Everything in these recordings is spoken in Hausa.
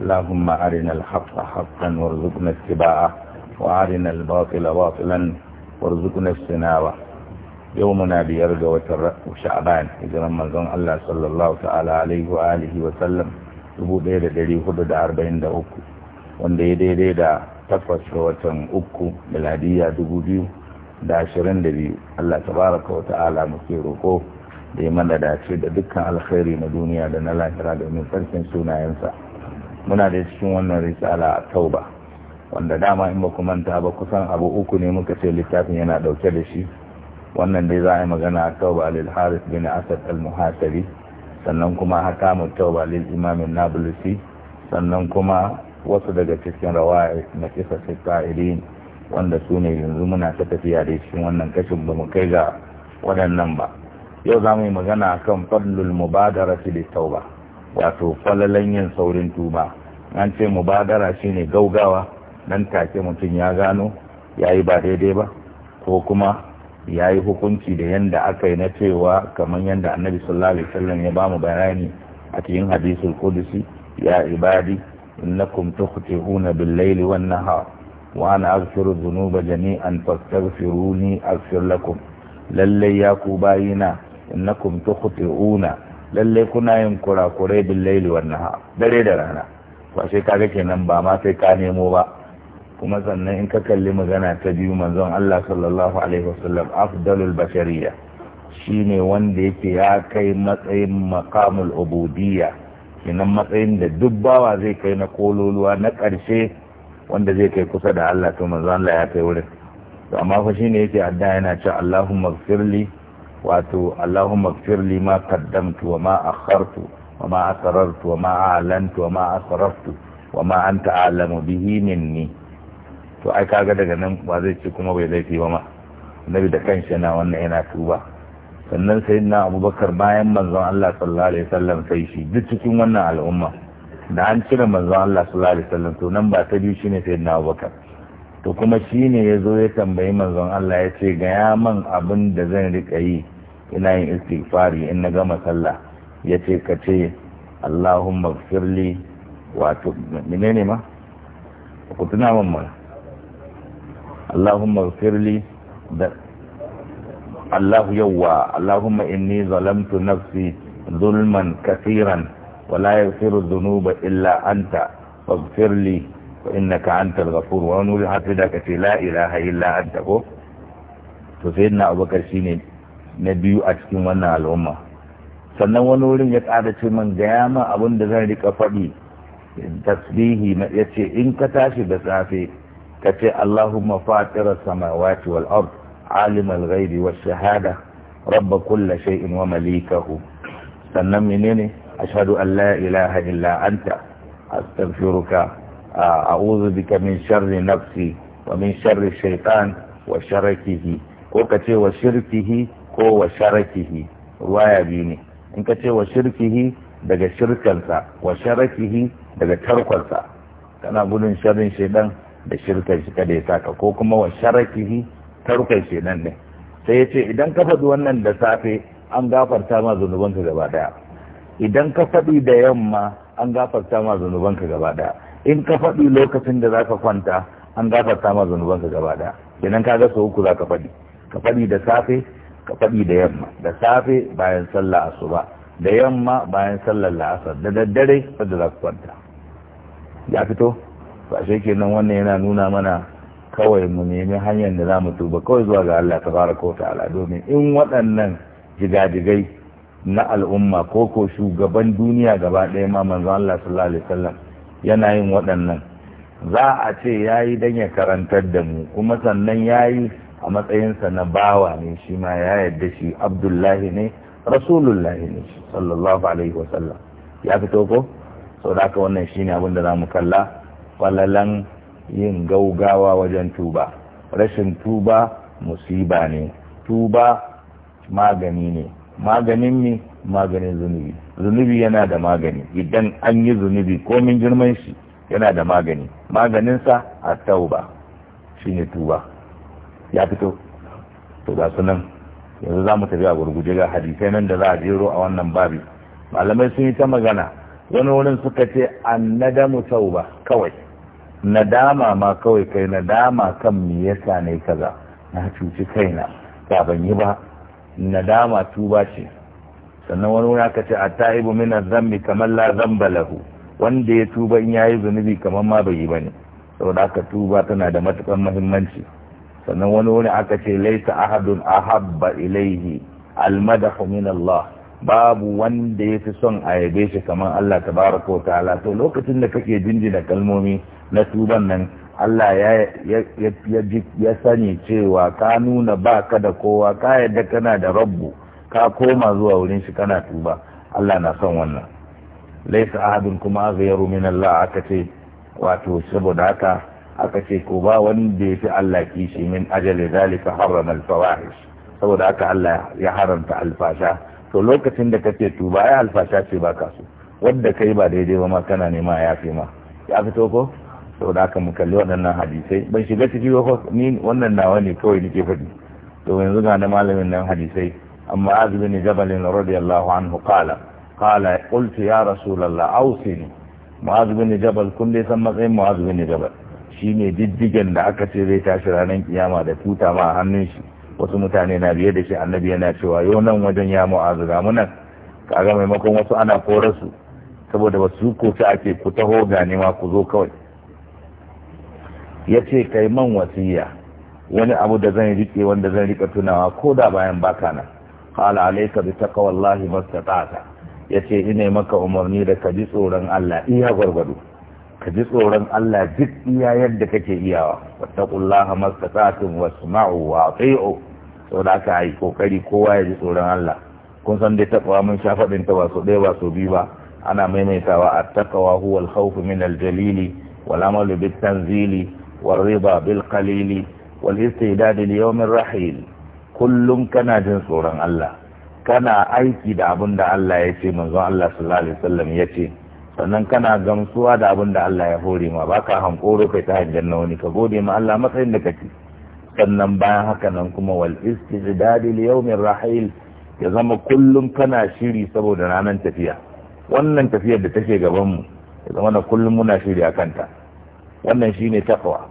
اللهم أرنا الحق حقا وارزقنا اتباعه وأرنا الباطل باطلا وارزقنا اجتنابه يومنا بيرجى وشعبان إذا رمضان الله صلى الله تعالى عليه وآله وسلم dubu ɗaya da ɗari hudu da arba'in da uku wanda ya daidai da takwas ga watan uku miladiyya dubu biyu da ashirin da biyu Allah tabaraka wa ta'ala muke roƙo da ya mana dace da dukkan alkhairi na duniya da na lahira domin sarkin sunayensa muna da cikin wannan risala a tauba wanda dama in ba ku manta ba kusan abu uku ne muka ce littafin yana dauke da shi wannan dai za a yi magana a tauba lil haris bin asad al muhasabi sannan kuma hakamu tauba lil imamin nablusi sannan kuma wasu daga cikin rawa na kisa sittairin wanda su ne yanzu muna ta tafiya da cikin wannan kashin ba mu kai ga waɗannan ba yau za mu yi magana akan fadlul mubadarati lit tauba wato falalan yin saurin tuba an ce mubadara shine gaugawa nan take mutum ya gano ya yi ba daidai ba ko kuma ya yi hukunci da yanda aka yi na cewa kamar yadda annabi sallallahu alaihi wasallam ya bamu bayani a cikin hadisul qudsi ya ibadi innakum tukhtihuna bil-layli wan-nahar wa ana aghfiru dhunuba jami'an fastaghfiruni aghfir lakum lalle ya ku bayina innakum tukhtihuna lalle kuna yin kurakurai bin laili wannan ha dare da rana ba sai kaga kenan ba ma sai ka nemo ba kuma sannan in ka kalli magana ta biyu manzon Allah sallallahu alaihi wasallam afdalul bashariya shine wanda yake ya kai matsayin maqamul ubudiyya kenan matsayin da duk bawa zai kai na kololuwa na karshe wanda zai kai kusa da Allah to manzon Allah ya kai wurin amma fa shine yake adda yana cewa Allahumma ighfirli wato Allahumma ighfir li ma qaddamtu wa ma akhartu wa ma asrartu wa ma a'lantu wa ma asraftu wa ma anta a'lamu bihi minni to ai kaga daga nan ba zai ci kuma bai laifi ba ma nabi da kanshi yana wannan yana tuba sannan sai na abubakar bayan manzon Allah sallallahu alaihi wasallam sai shi duk cikin wannan al'umma da an cire manzon Allah sallallahu alaihi wasallam to nan ba ta biyu shine sai na abubakar to kuma shine ya zo ya tambayi manzon Allah ya ce ga ya man abin da zan rika yi ina yin istighfari in na gama sallah ya ce ka ce Allahumma firli wato menene ma ku tuna min ma Allahumma firli da allahu yawwa Allahumma inni zalamtu nafsi zulman kasiran ولا يغفر الذنوب إلا أنت فاغفر لي فإنك أنت الغفور ونقول حتى ذاك لا ko إلا أنت فسيدنا أبو shi ne. na biyu a cikin wannan al'umma sannan wani wurin ya ƙara ce man gaya ma abun da zan rika faɗi tasbihi na ya in ka tashi da safe ka ce Allahumma fatira samawati wal ard alim al ghaibi was shahada rabb kulli shay'in wa malikahu sannan menene ashhadu an la ilaha illa anta astaghfiruka a'udhu bika min sharri nafsi wa min sharri shaytan wa sharakihi ko ka ce wa shirkihi ko wa sharakihi ruwaya biyu ne in ka ce wa shirkihi daga shirkansa wa sharakihi daga tarkonsa kana gudun sharrin shaidan da shirkan shi kada ya saka ko kuma wa sharakihi tarkon shaidan ne sai ya ce idan ka faɗi wannan da safe an gafarta ma zunubanka gaba daya idan ka faɗi da yamma an gafarta ma zunubanka gaba daya in ka faɗi lokacin da zaka kwanta an gafarta ma zunubanka gaba daya idan ka ga sau uku zaka faɗi ka faɗi da safe ka faɗi da yamma da safe bayan sallah asuba da yamma bayan sallar la'asar da daddare wadda za ku kwanta ya fito ba shi nan wannan yana nuna mana kawai mu nemi hanyar da za mu tuba kawai zuwa ga Allah ta fara ko ta'ala domin in waɗannan jigajigai na al'umma ko ko shugaban duniya gaba ɗaya ma manzo Allah sallallahu alaihi wasallam yana yin waɗannan za a ce yayi dan ya karantar da mu kuma sannan yayi a matsayinsa na bawa ne shi ma ya yadda shi abdullahi ne rasulullahi ne sallallahu alaihi wasallam ya fito ko sau da haka wannan shine abin da zamu kalla falalan yin gaugawa wajen tuba rashin tuba musiba ne tuba magani ne maganin ne maganin zunubi zunubi yana da magani idan an yi zunubi komin girman shi yana da magani maganinsa a tauba shine tuba ya fito to ga sunan yanzu za mu tafi a gurguje ga hadisai nan da za a jero a wannan babi malamai sun yi ta magana wani wurin suka ce an nadamu tauba kawai nadama ma kawai kai nadama kan me yasa ne kaza na cuci kaina ba ban yi ba nadama tuba ce sannan wani wurin aka ce attaibu min zambi kamar la zamba lahu wanda ya tuba in yayi zunubi kamar ma bai yi bane saboda aka tuba tana da matukan muhimmanci sannan wani wani aka ce laisa ahadun ahabba ilaihi almadahu min Allah babu wanda ya son a yabe shi kamar Allah tabaraka wa ta'ala to lokacin da kake jinjina kalmomi na tuban nan Allah ya sani cewa ka nuna ba ka da kowa ka yadda kana da rabbu ka koma zuwa wurin shi kana tuba Allah na son wannan laisa ahadun kuma aghayru min Allah aka ce wato saboda haka aka ce ko ba wanda ya fi Allah kishi min ajali zalika harrama al-fawahish saboda haka Allah ya haramta alfasha to lokacin da kace tuba ya alfasha ce ba ka so wanda kai ba daidai ba ma kana nema ya fi ma ya fito ko saboda aka mu kalli waɗannan hadisai ban shiga ciki ba ni wannan nawa ne kawai nake faɗi to yanzu ga na malamin nan hadisai amma azbi ne jabalin radiyallahu anhu qala qala qultu ya rasulallah, awsini mu'az bin jabal kun dai san matsayin mu'az bin jabal shi ne jijjigen da aka ce zai tashi ranar kiyama da tuta ma a hannun shi wasu mutane na biye da shi annabi yana cewa yau nan wajen ya mu'azu ga munan kaga maimakon wasu ana korarsu saboda ba su ko ta ake ku taho ga ma ku zo kawai ya ce kai man wasiya wani abu da zan rike wanda zan rika tunawa ko da bayan baka nan qala alayka bi taqwallahi ya ce ina maka umarni da ka ji tsoron Allah iya gwargwado ka ji tsoron Allah duk iya yadda kake iyawa wattaqullaha mastata'tum wasma'u wa ati'u da haka yi kokari kowa ya ji tsoron Allah kun san dai takwa mun sha faɗin ta ba so ɗaya ba so biyu ba ana maimaitawa at-taqwa huwa al-khawfu min al-jalili wal amalu bit-tanzili wal rida bil-qalili wal istidad li yawm rahil kullum kana jin tsoron Allah kana aiki da abin da Allah ya ce manzon Allah sallallahu alaihi wasallam ya ce sannan kana gamsuwa da abin da Allah ya hore ma ba ka hankoro kai ta hajjar na wani ka gode ma Allah matsayin da kake sannan bayan haka nan kuma wal istijdadi li yawmin rahil ya zama kullum kana shiri saboda ranar tafiya wannan tafiyar da take gaban mu ya zama na kullum muna shiri a kanta wannan shine taqwa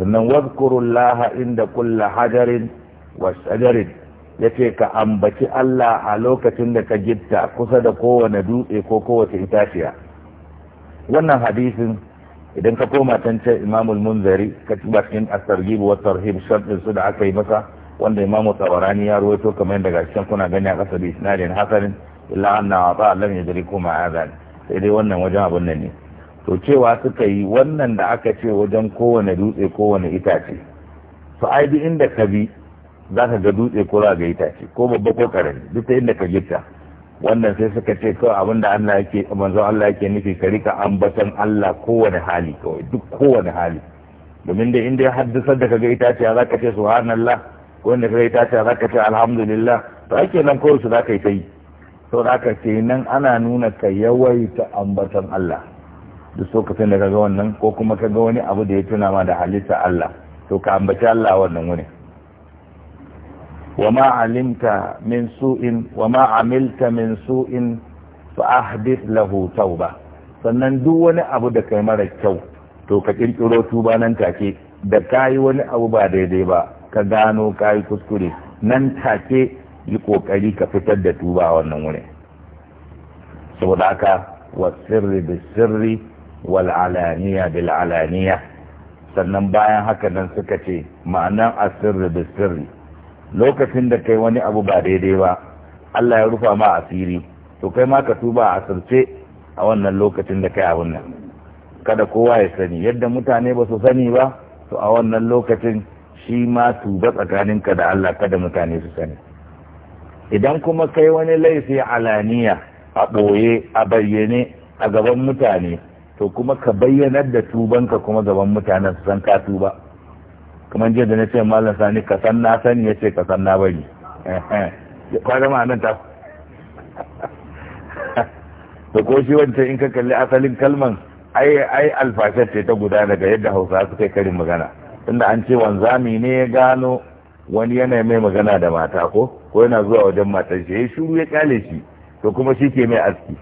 sannan wadhkurullaha inda kulli hajarin wa shajarin ya ce ka ambaci Allah a lokacin da ka gitta kusa da kowane dutse ko kowace itaciya wannan hadisin idan ka koma can ce imamul munzari ka ci bakin asargib wa tarhib sharɗin su da aka yi masa wanda imamu tsawarani ya ruwaito kamar yadda ga kuna gani a ƙasa da isnadin hasanin illa anna ba lam koma kuma azan sai dai wannan wajen abun nan ne to cewa suka yi wannan da aka ce wajen kowane dutse kowane itace su ai duk inda ka bi za ka ga dutse ko za ga itace ko babba ko karami duk ta inda ka gita wannan sai suka ce kawai abin da Allah yake manzon Allah yake nufi ka rika ambaton Allah kowane hali kawai duk kowane hali domin da inda ya haddasar da ka ga itace za ka ce subhanallah ko inda ga itace za ka ce alhamdulillah to ake nan kawai su za ka yi ta yi ka ce nan ana nuna ka yawaita ambaton Allah duk so lokacin da ga wannan ko kuma ka ga wani abu da ya tuna ma da halitta Allah to ka ambaci Allah wannan wani وما علمت من سوء وما عملت من سوء فأحدث له توبة sannan duk wani abu da kai mara kyau to ka kirkiro tuba nan take da kayi wani abu ba daidai ba ka gano kayi kuskure nan take yi kokari ka fitar da tuba wannan wurin saboda haka da sirri wal alaniya bil alaniya sannan bayan haka nan suka ce ma'anan asirri sirri. lokacin da kai wani abu ba daidai ba Allah ya rufa ma asiri to kai ma ka tuba a asirce a wannan lokacin da kai abun nan kada kowa ya sani yadda mutane ba su sani ba to a wannan lokacin shi ma tuba tsakanin ka da Allah kada mutane su sani idan kuma kai wani laifi alaniya a ɓoye a bayyane a gaban mutane to kuma ka bayyanar da tubanka kuma gaban mutanen su san ka tuba kamar jiya da na ce malam sani ka san na sani ya ce ka san na bari ma nan ta da ko shi in ka kalli asalin kalman ai ai alfashar ce ta guda daga yadda hausa su kai karin magana tunda an ce wanzami ne ya gano wani yana mai magana da mata ko ko yana zuwa wajen matar shi ya shuru ya kyale shi to kuma shi ke mai aski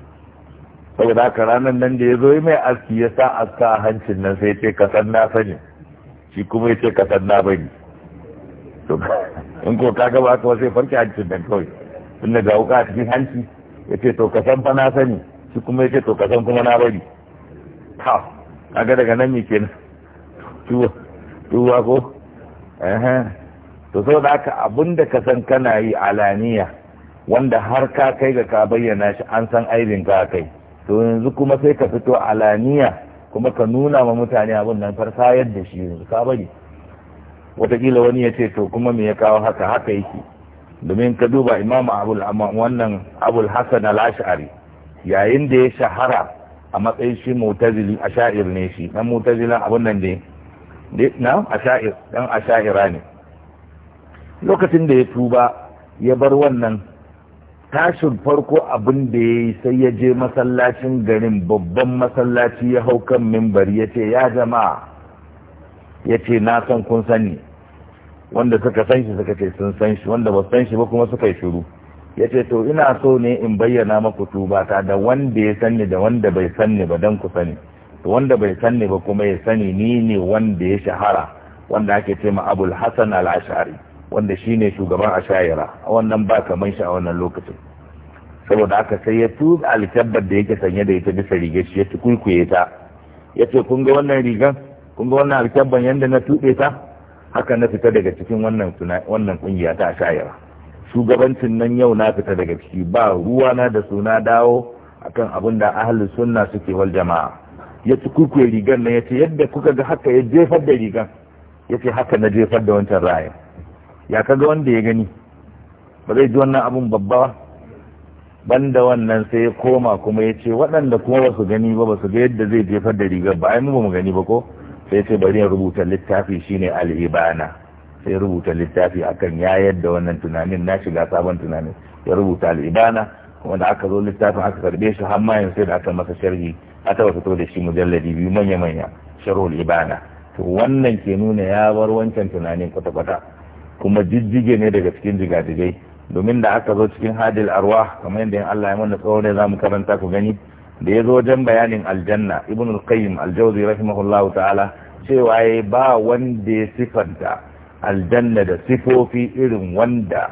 saboda haka ranar nan da ya zo mai aski ya sa aska a hancin nan sai ce ka san sani shi kuma yace ka san na bari to in ko ka gaba ka sai farki hancin nan kawai tun da wuka a cikin hanci yace to ka san fa na sani shi kuma ce to ka san kuma na bari ha kaga daga nan ne kenan tuwa tuwa ko eh to saboda haka abinda ka san kana yi alaniya wanda har ka kai ga ka bayyana shi an san aibin ka kai to yanzu kuma sai ka fito alaniya kuma ka nuna ma mutane abin nan farka yadda shi yanzu ka bari watakila wani ya ce to kuma me ya kawo haka haka yake domin ka duba imamu abul wannan abul hasan al-ash'ari yayin da ya shahara a matsayin shi mutazili asha'ir ne shi dan mutazila abun nan ne na asha'ir dan asha'ira ne lokacin da ya tuba ya bar wannan tashin farko abin da ya yi sai ya je masallacin garin babban masallaci ya hau kan mimbar ya ce ya jama'a ya ce na san kun sani wanda suka san shi suka ce sun san shi wanda ba san shi ba kuma suka yi shiru ya ce to ina so ne in bayyana maku tubata da wanda ya sani da wanda bai sani ba don ku sani to wanda bai sani ba kuma ya sani ni ne wanda ya shahara wanda ake ce ma abul hasan al-ashari wanda shi ne shugaban a ashayira wannan ba kamar shi a wannan lokacin saboda aka sai ya tuba alkabbar da yake sanye da ita bisa rigar shi ya tukuikuye ta ya ce kun ga wannan rigan kun ga wannan alkabban yadda na tuɓe ta haka na fita daga cikin wannan kungiya ta ashayira shugabancin nan yau na fita daga ciki ba ruwa na da suna dawo akan abin da ahli sunna suke wal jama'a ya tukuikuye rigan na ya ce yadda kuka ga haka ya jefar da rigan ya ce haka na jefar da wancan rayar ya kaga wanda ya gani ba zai ji wannan abun babba banda wannan sai ya koma kuma ya ce waɗanda kuma ba su gani ba ba su ga yadda zai jefar da rigar ba ai mu ba mu gani ba ko sai ce bari ya rubuta littafi shine al-ibana sai rubuta littafi akan ya yadda wannan tunanin na shiga sabon tunanin ya rubuta al'ibana ibana wanda aka zo littafin aka karbe shi har mayan sai da aka masa sharhi aka wasu to da shi mujalladi biyu manya-manya sharhul ibana to wannan ke nuna ya bar wancan tunanin kwata-kwata kuma jijjige ne daga cikin jigadigai domin da aka zo cikin hadil arwa kamar yadda Allah ya mana tsawon ne zamu karanta ku gani da ya zo wajen bayanin aljanna ibn al-qayyim al-jawzi rahimahullah ta'ala cewa ya ba wanda ya sifanta aljanna da sifofi irin wanda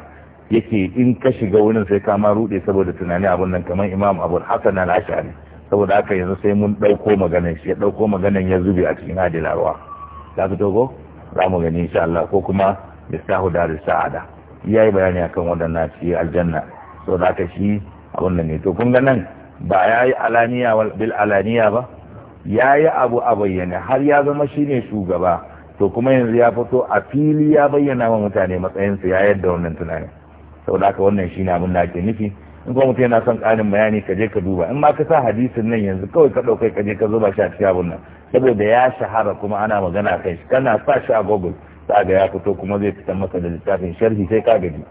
yake in ka shiga wurin sai ka ma rude saboda tunani abun nan kamar imam abul hasan al-ashari saboda haka yanzu sai mun dauko maganar shi ya dauko maganar ya zube a cikin hadil arwa za ku togo za mu gani insha Allah ko kuma bisahu da sa'ada yayi bayani akan wadannan shi aljanna so da aka shi abun nan ne to kun ga nan ba yayi alaniya wal bil alaniya ba yayi abu a bayyane har ya zama shine shugaba to kuma yanzu ya fito a fili ya bayyana wa mutane matsayinsu ya yadda wannan tunanin saboda haka wannan shine abin da ake nufi in kuma mutum yana son ƙarin bayani ka je ka duba in ma ka sa hadisin nan yanzu kawai ka ɗaukai ka je ka shi a cikin abun nan saboda ya shahara kuma ana magana kai shi kana sa shi a google ga ya fito kuma zai fita masa da littafin sharhi sai ka gani.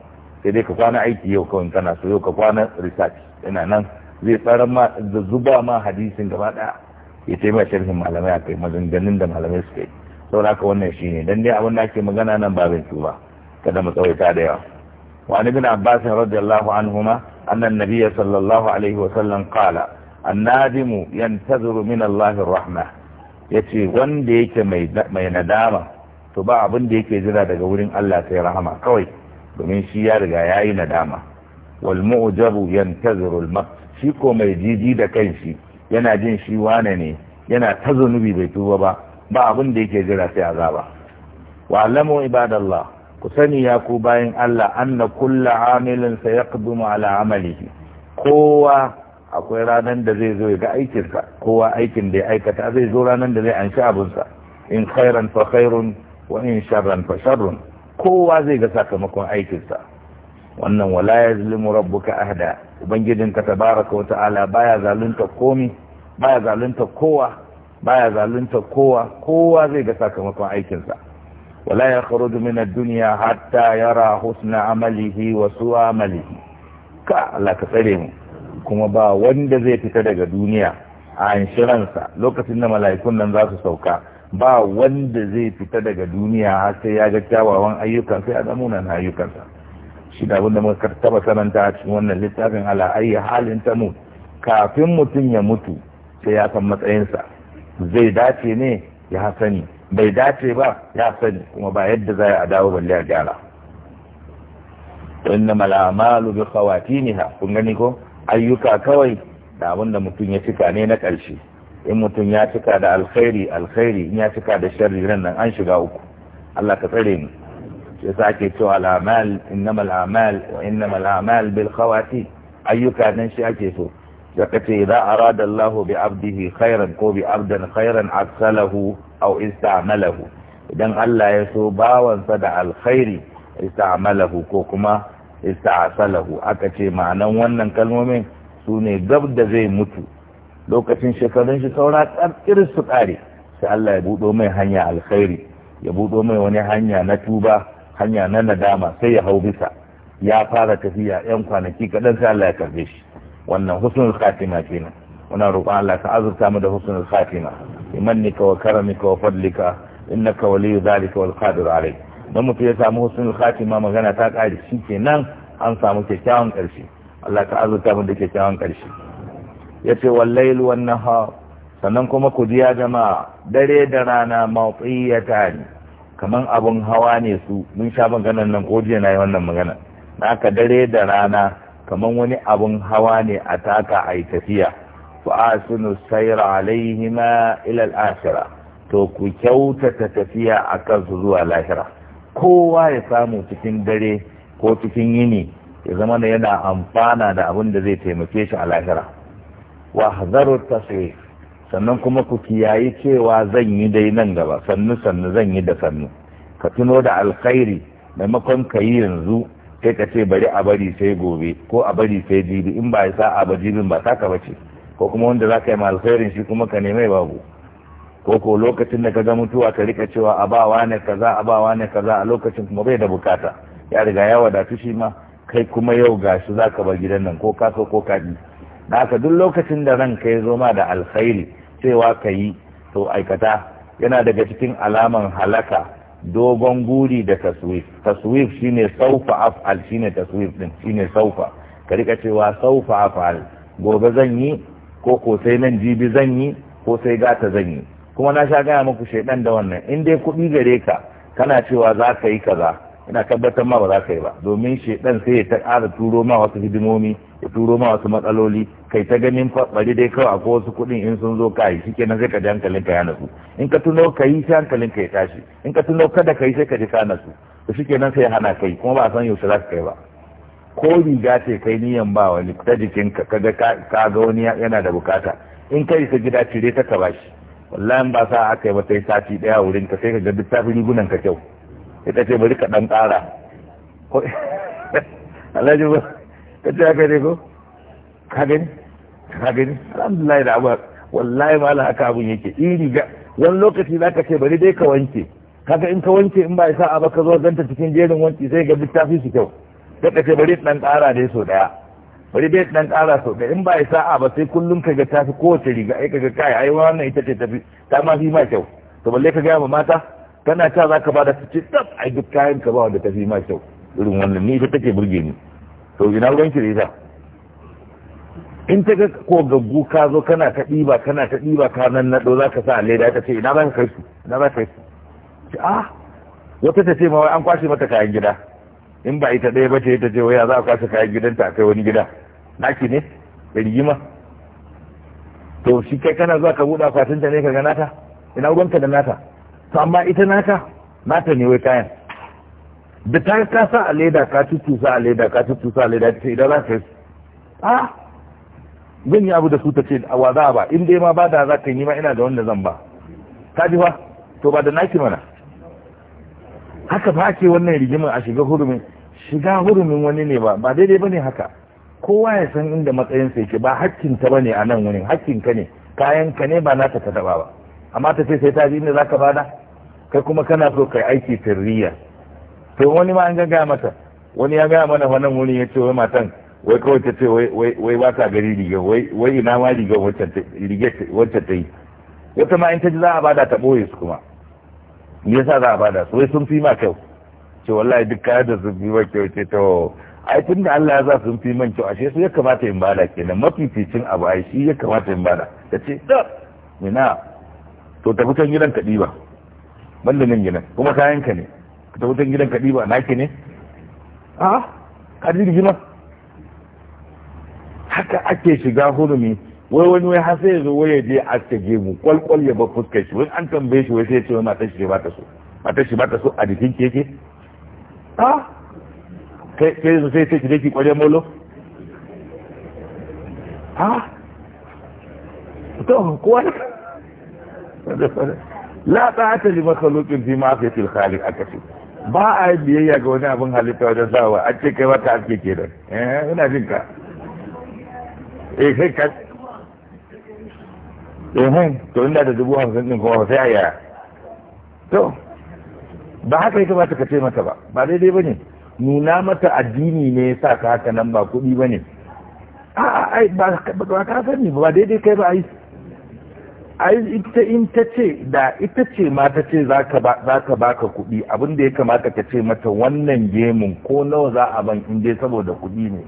sai dai ka kwana aiki yau kawai kana so yau ka kwana research ina nan zai tsara ma da zuba ma hadisin gaba daya ya ce ma sharhin malamai a kai maganganun da malamai suka yi saboda haka wannan shine dan dai abin da ake magana nan ba zai tuba kada mu tsawaita da yawa wa ibn abbas radiyallahu anhuma anna an-nabiy sallallahu alaihi wa sallam qala an-nadimu yantazuru min Allah rahma. yace wanda yake mai mai nadama to ba abin da yake jira daga wurin Allah sai rahama kawai domin shi ya riga ya yi nadama wal mu'jabu yantazuru al mat shi ko mai jiji da kanshi yana jin shi wane ne yana ta zunubi bai tuba ba ba abin da yake jira sai azaba wa alamu ibadallah ku sani ya ku bayan Allah anna kullu amilin sayaqdimu ala amalihi kowa akwai ranar da zai zo ga aikinsa kowa aikin da ya aikata zai zo ranar da zai anshi abinsa in khairan fa khairun wa in sharran fa sharrun kowa zai ga sakamakon aikinsa wannan wala yazlimu rabbuka ahada ubangijinka tabaraka wa ta'ala baya zalunta komi baya zalunta kowa baya zalunta kowa kowa zai ga sakamakon aikinsa wala ya min ad-dunya hatta yara husna amalihi wa su'a amalihi ka Allah ka tsare mu kuma ba wanda zai fita daga duniya a inshiransa lokacin da mala'ikun nan za su sauka ba wanda zai fita daga duniya har sai ya ga kyawawan ayyukan sai a ga na ayyukansa shi da abin da muka taba sananta a cikin wannan littafin ala ayyi halin mu kafin mutum ya mutu sai ya san matsayinsa zai dace ne ya sani bai dace ba ya sani kuma ba yadda za a dawo balle a gyara inna malamalu bi khawatimiha kun gani ko ayyuka kawai da abin mutum ya cika ne na ƙarshe in mutum ya cika da alkhairi alkhairi in ya cika da sharri ran nan an shiga uku Allah ka tsare mu shi yasa ake cewa al'amal innamal a'mal wa innamal a'mal bil khawati ayyuka nan shi ake so zaka ce idza arada Allah bi 'abdihi khairan ko bi 'abdan khairan afsalahu aw ista'malahu idan Allah ya so bawansa da alkhairi ista'malahu ko kuma ista'salahu aka ce ma'anan wannan kalmomin su ne gab da zai mutu lokacin shekarun shi saura ƙarƙir su ƙare sai Allah ya buɗo mai hanya alkhairi ya buɗo mai wani hanya na tuba hanya na nadama sai ya hau bisa ya fara tafiya yan kwanaki kaɗan sai Allah ya karbe shi wannan husnul khatima kenan muna roƙon Allah ka azurta mu da husnul khatima imannika wa karamika wa fadlika innaka waliyyu zalika wal qadir alayk dan mu ya samu husnul khatima magana ta ƙare shi kenan an samu kyakkyawan ƙarshe Allah ka azurta mu da kyakkyawan ƙarshe ya wallailu wan hau. sannan kuma ku ji ya jama'a dare da rana mawqiyata ne kamar abin hawa ne su mun sha maganar nan ko jiya yi wannan magana naka dare da rana kamar wani abin hawa ne a taka a yi tafiya wa asinu sayra alaihima ila ilal a'shira. to ku kyautata tafiya kan su zuwa lahira kowa ya samu cikin dare ko cikin yini ya zama da yana amfana da abin da zai taimake shi a lahira wa hadaru taswif sannan kuma ku kiyayi cewa zan yi dai nan gaba sannu sannu zan yi da sannu ka tuno da alkhairi maimakon ka yi yanzu sai ka ce bari a bari sai gobe ko a bari sai jibi in ba sa a ba jibin ba saka bace ko kuma wanda za ka yi alkhairin shi kuma ka nemi babu ko ko lokacin da ka ga mutuwa ka rika cewa a ba wane kaza a ba wane kaza a lokacin kuma bai da bukata ya riga ya wadatu shi ma kai kuma yau gashi za ka bar gidan nan ko ka ko ka da aka duk lokacin da ranka kai zo ma da alkhairi cewa ka yi to aikata yana daga cikin alaman halaka dogon guri da taswif taswif shine saufa af'al shine taswif din shine saufa ka rika cewa saufa af'al gobe zan yi ko ko sai nan jibi zan yi ko sai gata zan yi kuma na sha gaya muku shaidan da wannan in dai kuɗi gare ka kana cewa za ka yi kaza ina tabbatar ma ba za ka yi ba domin shi dan sai ya ta ƙara turo ma wasu hidimomi ya turo ma wasu matsaloli kai ta ganin bari dai kawai akwai wasu kuɗin in sun zo kai shi kenan sai ka ji ka ya nasu in ka tuno ka yi hankalin ka ya tashi in ka tuno kada ka yi sai ka ji ka nasu to shi kenan sai ya hana kai kuma ba a san yaushe za ka kai ba ko riga ce kai niyan ba wani ta ka kaga ka ga wani yana da bukata in kai isa gida cire ta ka bashi wallahi ba sa aka yi ba sai sati daya wurin ka sai ka ga duk tafi rigunan ka kyau ita ce bari ka dan tsara alhaji ba ka ce haka ne ko ka gani ka gani alhamdulillah da abu wallahi ma haka abun yake iri ga wani lokaci za ka ce bari dai ka wanke kaga in ka wanke in ba ya sa'a ba ka zo ganta cikin jerin wanki sai ga littafi su kyau sai ka ce bari dan ƙara dai so daya bari dai dan ƙara so daya in ba ya sa'a ba sai kullum ka ga tafi kowace riga ai ka ga kai ai wannan ita ce tafi ta ma fi ma kyau to balle ka ga ma mata kana ta za ka bada su ce tsaf ai duk kayan ka ba wanda ta fi ma kyau irin wannan ni ita take burge ni to ina ruwan ki da in ta ga ko gaggu ka zo kana ta ɗiba kana ta ɗiba ka nan naɗo za ka sa a leda ta ce ina za ka kai su ina za ka kai su ah wata ta ce ma wai an kwashe mata kayan gida in ba ita ɗaya ba ce ta ce wai ya za a kwashe kayan gidanta a kai wani gida naki ne da rigima to shi kai kana zuwa ka buɗe akwatinta ne ka ga nata ina ruwanka da nata to amma ita naka nata ne wai kayan da ta ka sa a leda ka tuttusa a leda ka tuttusa a leda ta idan za ka yi a zan yi abu da su ta ce a wa za a ba in dai ma ba da za ka yi ma ina da wanda zan ba ta ji fa to ba da naki mana haka ba ake wannan rigimin a shiga hurumin shiga hurumin wani ne ba ba daidai ba ne haka kowa ya san inda matsayinsa yake ba hakkinta ba ne a nan wani hakkinka ne kayanka ne ba nata ta taba ba amma ta ce sai ta ji inda za ka bada kai kuma kana so kai aiki sirriya to wani ma an gaga mata wani ya gaya mana wannan wani ya ce wai matan wai kawai ta ce wai ba ta gari rigar wai ina ma rigar wacce ta yi wata ma in ta ji za a bada ta ɓoye su kuma me yasa za a bada su wai sun fi ma kyau ce wallahi duk kayan da sun fi ma kyau ce to ai tun da Allah ya za sun fi man kyau ashe su ya kamata in bada kenan mafificin abu ai shi ya kamata in bada ta ce da mina to tafi can gidan ka ɗiba banda nan gidan kuma kayan ka ne ka tafi can gidan ka ɗiba ki ne a ka ji rigima haka ake shiga hurumi wai wani wai har ya zo wai ya je aske gemu kwalkwal ya bar fuskar shi wani an tambaye shi wai sai ya ce wai matar shi ba ta so matar shi ba ta so a jikin keke a kai sai sai sai ki je ki kware molo a to kowa la ta li makhluqin fi fi al-khaliq akasi ba a biyayya ga wani abin halitta wajen sawa a ce kai wata ake ke da eh ina jin ka eh kai ka eh to inda da dubu hamsin din kuma sai aya to ba haka ya ba ka ce mata ba ba daidai bane nuna mata addini ne yasa ka haka nan ba kuɗi bane a'a ai ba ka sani ba daidai kai ba ai ita in ta ce da ita ce ma ta ce za ka baka kuɗi abinda ya kamata ka ce mata wannan gemun ko nawa za a ban in dai saboda kuɗi ne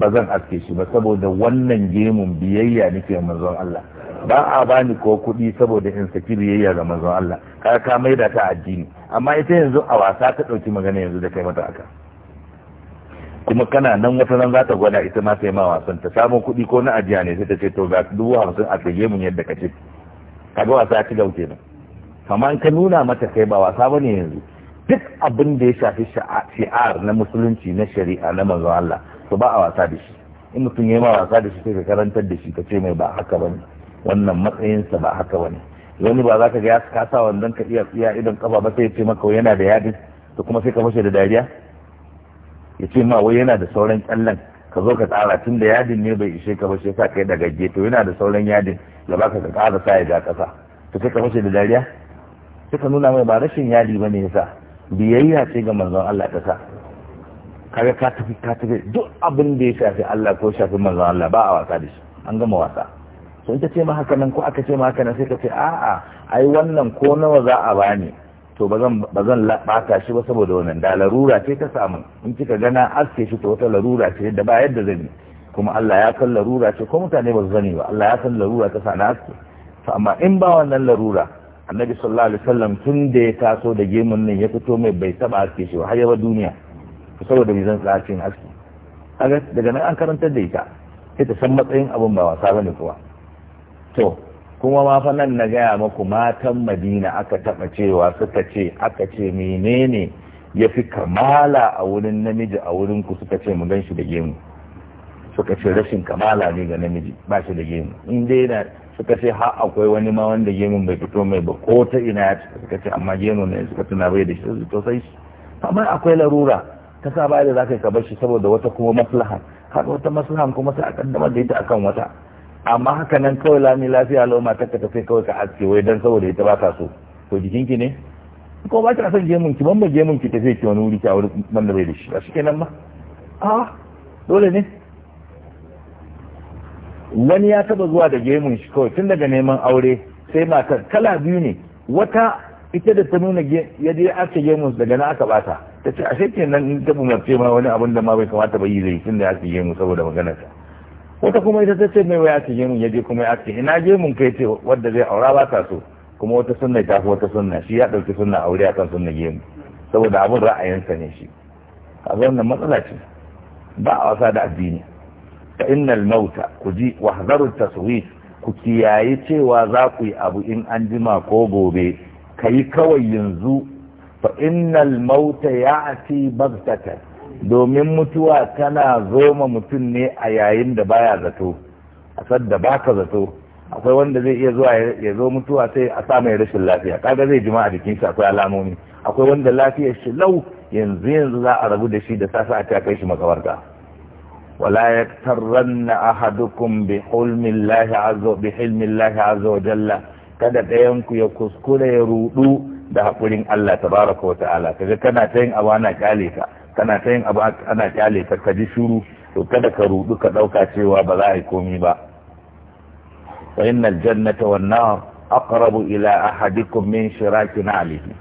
ba zan aske shi ba saboda wannan gemun biyayya nake manzon Allah ba a bani ko kuɗi saboda in saki biyayya ga manzon Allah ka ka maida ta addini amma ita yanzu a wasa ta ɗauki magana yanzu da kai mata aka kuma kana nan wata nan za ta gwada ita ma sai ma wasan ta samun kuɗi ko na ajiya ne sai ta ce to ga dubu hamsin a gemun yadda ka ce kaga wasa ci dauke kenan kamar ka nuna mata kai ba wasa bane yanzu duk abin da ya shafi shi'ar na musulunci na shari'a na manzon Allah to ba a wasa da shi in mutum ya ma wasa da shi sai ka karantar da shi ka ce mai ba haka bane wannan matsayinsa ba haka bane wani ba za ka ga ya kasa wannan ka iya tsiya idan kafa ba sai ya ce maka yana da yadi to kuma sai ka fashe da dariya ya ce ma wai yana da sauran kyallan ka zo ka tsara tun da yadin ne bai ishe ka ba shi ka kai da gagge to yana da sauran yadin baka ka kada sa ya ga ƙasa to kai ka mace da dariya sai ka nuna mai ba rashin yadi ba ne yasa biyayya ce ga manzon Allah ta sa kaga ka tafi ka tafi duk abin da ya shafi Allah ko shafi manzon Allah ba a wasa da shi an gama wasa to in ta ce ma haka nan ko aka ce ma haka nan sai ka ce a'a ai wannan ko nawa za a bani to ba zan ba shi ba saboda wannan da larura ce ta samu in kika gana aske shi to wata larura ce da ba yadda zan yi kuma Allah ya san larura ce ko mutane ba su zani ba Allah ya san larura ta sana su to amma in ba wannan larura annabi sallallahu alaihi wasallam tun da ya taso da gemun nan ya fito mai bai taba aske shi ba har yaba duniya saboda bai zan tsacin aski kaga daga nan an karantar da ita sai ta san matsayin abun ba wasa bane kuwa to kuma ma fa nan na gaya maku matan madina aka taba cewa suka ce aka ce menene ya fi kamala a wurin namiji a wurin ku suka ce mu gan shi da gemu suka ce rashin kamala ne ga namiji ba shi da gemu in dai yana suka ce ha akwai wani ma wanda gemun bai fito mai ba ko ta ina ya cika suka ce amma gemu ne suka tuna bai da shi su to sai amma akwai larura ta sa ba da za ka kabar shi saboda wata kuma maslahan har wata maslahan kuma sai a kaddamar da ita akan wata amma haka nan kawai lami lafiya lauma ta ka tafi kawai ka aske wai dan saboda ita ba ka so to jikinki ne ko ba ta son gemun ki ban ba gemun ki tafi ki wani wuri ki a wani wanda bai da shi ba shi kenan ba a dole ne wani ya taba zuwa da gemun shi kawai tun daga neman aure sai matar kala biyu ne wata ita da ta nuna yadda ya ake gemun daga na aka bata ta ce ashe kenan nan ta bumarce ma wani abin da ma bai kamata ba yi zai tun da ya ake gemun saboda maganarsa. wata kuma ita ta ce mai ya ake gemun ya kuma ya ake ina gemun kai ce wadda zai aura ba ta so kuma wata sunna ta fi wata sunna shi ya ɗauki sunna aure akan sunna gemu saboda abin ra'ayinsa ne shi a wannan matsala ce ba a wasa da addini فإن الموت mauta ku ji wahzaru taswif ku kiyaye cewa za ku yi abu in ينزو فإن ko gobe بغتة kawai yanzu متوى ya زوم ya'ti baghtatan domin mutuwa tana zoma mutum ne a yayin da akwai wanda zai iya zuwa ya zo mutuwa sai a sa mai rashin lafiya kaga zai jima a jikinsa akwai alamomi akwai wanda lafiyar shi lau yanzu yanzu za a rabu da shi da sasa a ta kai shi makabarta ولا يكترن أحدكم بحلم الله عز بحلم الله عز وجل kada ɗayanku ya kuskure ya rudu da haƙurin Allah tabaraka kaga kana ta yin abu ana kyale ka kana ta yin abu ana kyale ka ka ji shuru to kada ka rudu ka ɗauka cewa ba za a yi komi ba fa innal jannata wan nar aqrabu ila ahadikum min shiraki na'lihi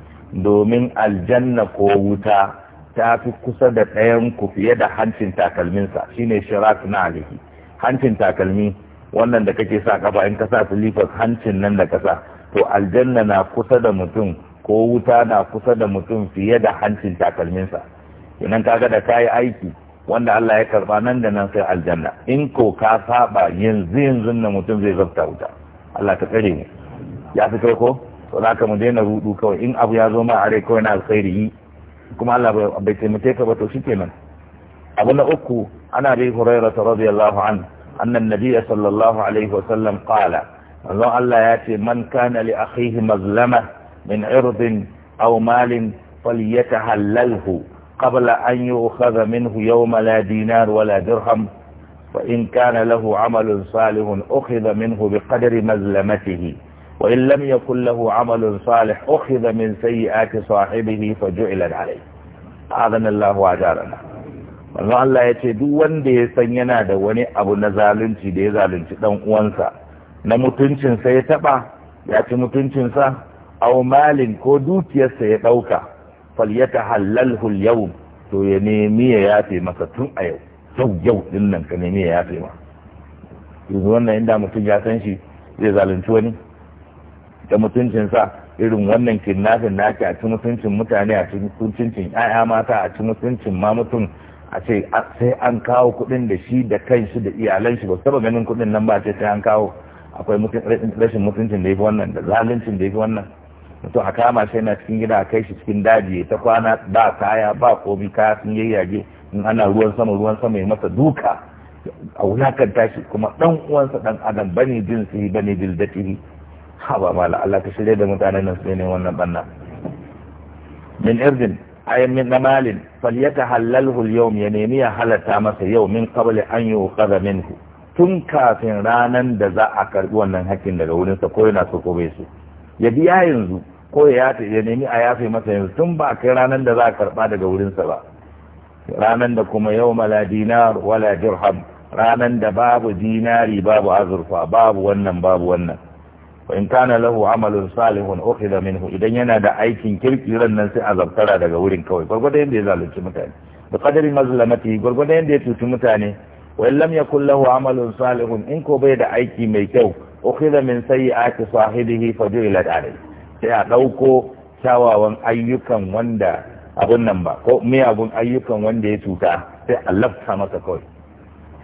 domin aljanna ko wuta ta fi kusa da ɗayan ku fiye da hancin takalminsa shine shirat na alihi hancin takalmi wannan da kake sa kafa in ka sa silifas hancin nan da kasa to aljanna na kusa da mutum ko wuta na kusa da mutum fiye da hancin takalminsa idan kaga da kayi aiki wanda Allah ya karba nan da nan sai aljanna in ko ka saba yanzu yanzu na mutum zai zafta wuta Allah ta tsare mu ya fi ko to zaka mu daina rudu kawai in abu ya zo ma are kawai na alkhairi kuma Allah bai taimake ka ba to shikenan abu na uku ana bi hurairah radiyallahu an annan nabiyya sallallahu alaihi wa sallam qala manzon Allah ya ce man kana li akhihi mazlama min irdin aw malin falyatahallalhu qabla an yu'khadha minhu yawma la dinar wala dirham in kana lahu amalun salihun ukhidha minhu biqadri mazlamatihi وإن لم يكن له عمل صالح أخذ من سيئات صاحبه فجعل عليه أعذن الله أجارنا wannan Allah ya ce duk wanda ya san yana da wani abu na zalunci da ya zalunci dan uwansa na mutuncinsa ya taba ya ci mutuncinsa aw malin ko dukiyarsa ya dauka falyata al-yawm to ya nemi ya yafe masa tun a yau yau yau din nan ka nemi ya yafe ma yanzu wannan inda mutum ya san shi zai zalunci wani da sa irin wannan kinnafin naki a ci mutuncin mutane a ci mutuncin 'ya'ya mata a ci mutuncin ma mutum a ce sai an kawo kuɗin da shi da kanshi da iyalan shi ba taba ganin kuɗin nan ba ce sai an kawo akwai rashin mutuncin da yafi wannan da zaluncin da fi wannan mutum a kama shi yana cikin gida a kai shi cikin daji ta kwana ba kaya ba komi kaya sun yayyage in ana ruwan sama ruwan sama ya masa duka a wulakanta shi kuma ɗan uwansa dan adam bane jinsi bane bildatihi haba mala Allah ka shirya da mutanen nan su ne wannan banna min irdin ay min namalin falyatahallalhu al-yawm ya nemi ya halata masa yau min qabli an yuqadha minhu tun kafin ranan da za a karbi wannan hakkin daga wurin sa ko yana so ko bai so ya biya yanzu ko ya ya nemi a yafe masa yanzu tun ba kai ranan da za a karba daga wurin sa ba ranan da kuma yau la dinar wala dirham ranan da babu dinari babu azurfa babu wannan babu wannan fa in kana lahu amalun salihun ukhida minhu idan yana da aikin kirkiran nan sai azabtara daga wurin kawai gurgurda yanda ya zalunci mutane bi qadri mazlamati gurgurda yanda ya tutu mutane wa in lam yakul lahu amalun salihun in ko bai da aiki mai kyau ukhida min sayyi'ati sahibihi fa jila dare sai a dauko kyawawan ayyukan wanda abun nan ba ko abun ayyukan wanda ya cuta sai a lafta masa kawai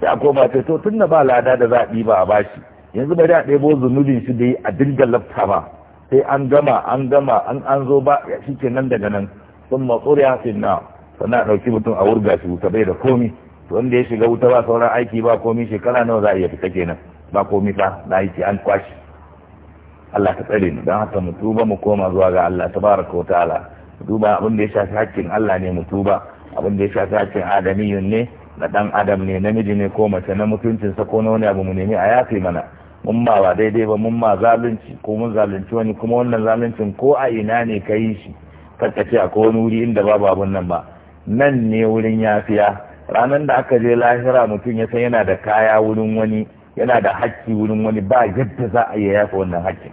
sai a koma ce to tunda ba lada da zaɓi ba a bashi yanzu bari a ɗebo zunubin shi da yi a dinga lafta ba sai an gama an gama an an zo ba ya shi nan daga nan sun matsuri fi na sannan a ɗauki mutum a wurga shi wuta bai da komi to wanda ya shiga wuta ba sauran aiki ba komi shekara nawa za a iya fita kenan ba komi ba na aiki an kwashi Allah ta tsare mu don haka mu tuba mu koma zuwa ga Allah tabaraka wa ta'ala duba abin da ya shafi hakkin Allah ne mu tuba abin da ya shafi hakkin adamiyun ne na dan adam ne namiji ne ko mace na mutuncinsa ko na wani abu mu nemi a yafe mana mun ma ba daidai ba mun ma zalunci ko mun zalunci wani kuma wannan zaluncin ko a ina ne ka yi shi kakka ce akwai wani wuri inda babu abun nan ba nan ne wurin yafiya ranar da aka je lahira mutum ya san yana da kaya wurin wani yana da hakki wurin wani ba yadda za a iya yafa wannan hakkin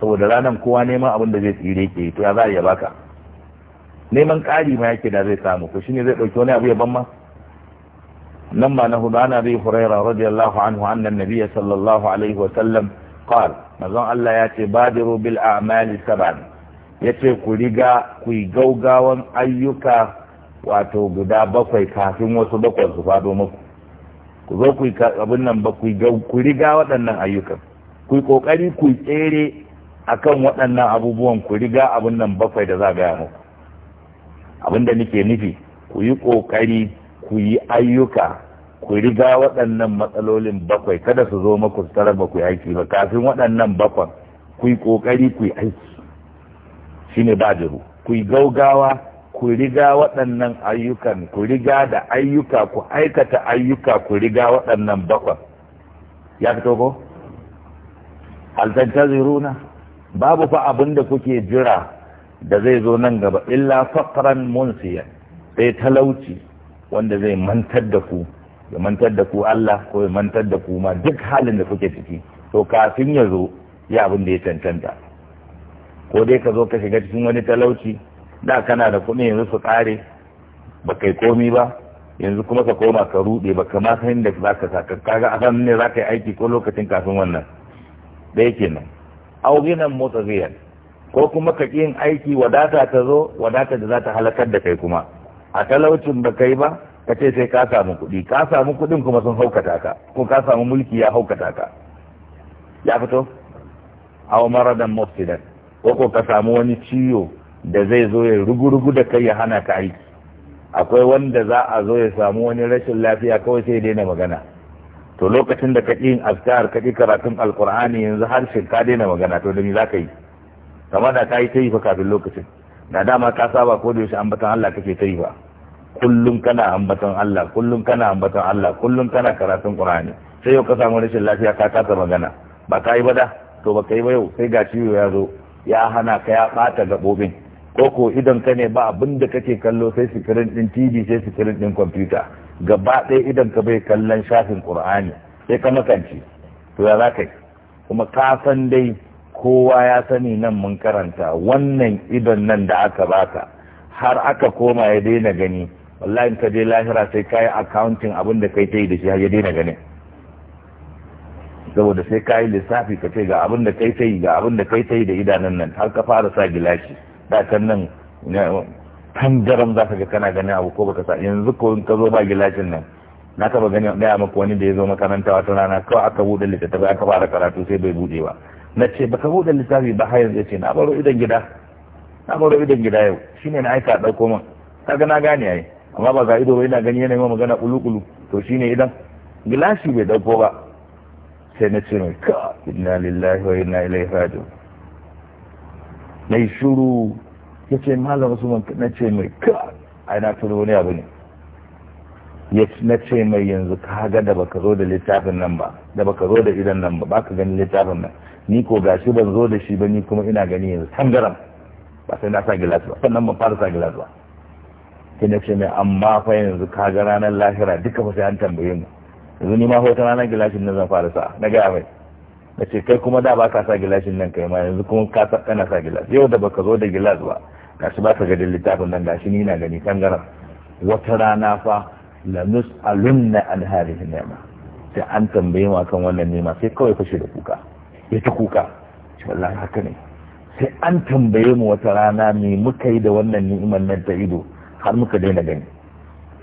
saboda ranar kowa neman abin da zai tsire ke to ya za a iya baka neman ƙari ma yake da zai samu ko shine zai ɗauki wani abu ya ban ma لما نهض عن أبي هريرة رضي الله عنه أن النبي صلى الله عليه وسلم قال مزان الله ياتي بادروا بالأعمال سبعا yace ku riga ku yi gaugawan ayyuka wato guda bakwai kafin wasu bakwai su fado muku ku zo ku yi abin nan ba ku riga waɗannan ayyukan ku yi ƙoƙari ku tsere kan waɗannan abubuwan ku riga abin nan bakwai da za gaya muku abin da nake nufi ku yi ƙoƙari ku yi ayyuka ku riga waɗannan matsalolin bakwai kada su zo maku su tarar ba ku aiki ba kafin waɗannan bakwai ku yi ƙoƙari ku yi aiki shine bajiru ku yi gaugawa ku riga waɗannan ayyukan ku riga da ayyuka ku aikata ayyuka ku riga waɗannan bakwai. ya fito ko haltantar ziruna babu fa abin da kuke jira da zai zo nan gaba illa faƙran munsiya sai talauci wanda zai mantar da ku ya mantar da ku Allah ko ya mantar da ku ma duk halin da kuke ciki to kafin ya zo ya abin da ya cancanta ko dai ka zo ka shiga cikin wani talauci da kana da kuɗi yanzu su kare ba kai komi ba yanzu kuma ka koma ka ruɗe ba ka ma da za ka saka kaga akan ne za ka yi aiki ko lokacin kafin wannan ɗaya kenan au ginan motsa ko kuma ka yin aiki wadata ta zo wadata da za ta halakar da kai kuma a talaucin ba kai ba ka ce sai ka samu kuɗi ka samu kuɗin kuma sun haukata ka ko ka samu mulki ya haukata ka ya fito aw maradan mufsidan ko ko ka samu wani ciwo da zai zo ya rugurugu da kai ya hana ka aiki akwai wanda za a zo ya samu wani rashin lafiya kawai sai daina magana to lokacin da ka kaki yin azkar kaki karatun alkur'ani yanzu harshen ka daina magana to da me za ka yi kamar da ka yi ta yi fa kafin lokacin na dama ka saba ko da yaushe an batan Allah kake ta yi ba kullum kana ambaton Allah kullum kana ambaton Allah kullum kana karatun Qur'ani sai yau ka samu rashin lafiya ka kasa magana ba ka yi ba da to ba ka yi ba yau sai ga ciwo ya zo ya hana ka ya bata gabobin ko ko idan ka ne ba abin da kake kallo sai sikirin din TV sai sikirin din kwamfuta gaba ɗaya idan ka bai kallon shafin Qur'ani sai ka makanci to ya za ka yi kuma ka san dai kowa ya sani nan mun karanta wannan idon nan da aka baka har aka koma ya daina gani wallahi ka je lahira sai ka yi accounting abin da kai ta yi da shi ya daina ganin saboda sai ka yi lissafi ka ce ga abin da kai ta yi ga abin da kai ta yi da idanun nan har ka fara sa gilashi da kan nan tangaram za ka ga kana ganin abu ko baka sa yanzu ko in ka zo ba gilashin nan na taba gani daya maka wani da ya zo makaranta wata rana kawai aka bude littattafai aka fara karatu sai bai bude ba na ce baka bude littafi ba har yanzu ya ce na baro idan gida na baro idan gida yau shine na aika dauko min kaga na gane ai amma ba ga ido ba yana gani yana yi magana kulu-kulu to shine idan gilashi bai dauko ba sai na ce mai ka inna lillahi wa inna ilaihi raji'un yi shuru yace malam Usman na ce mai ka ai na tuno wani abu ne ya na ce mai yanzu ka ga da baka zo da littafin nan ba da baka zo da idan nan ba baka gani littafin nan ni ko gashi ban zo da shi ba ni kuma ina gani yanzu tangaram ba sai na sa gilas ba sannan ban fara sa gilas ba sai na ce mai amma fa yanzu ka ga ranar lahira duka fa sai an tambaye mu yanzu ni ma fa wata ranar gilashin nan zan fara sa na ga mai na ce kai kuma da ba ka sa gilashin nan kai ma yanzu kuma ka sa kana sa gilas yau da baka zo da gilas ba gashi ba ka ga littafin nan gashi ni na gani tangaran wata rana fa la nus alunna an hadhihi ni'ma sai an tambaye mu akan wannan ni'ma sai kawai fashe da kuka ya ta kuka shi wallahi haka ne sai an tambaye mu wata rana me muka yi da wannan ni'imar nan ta ido har muka daina gani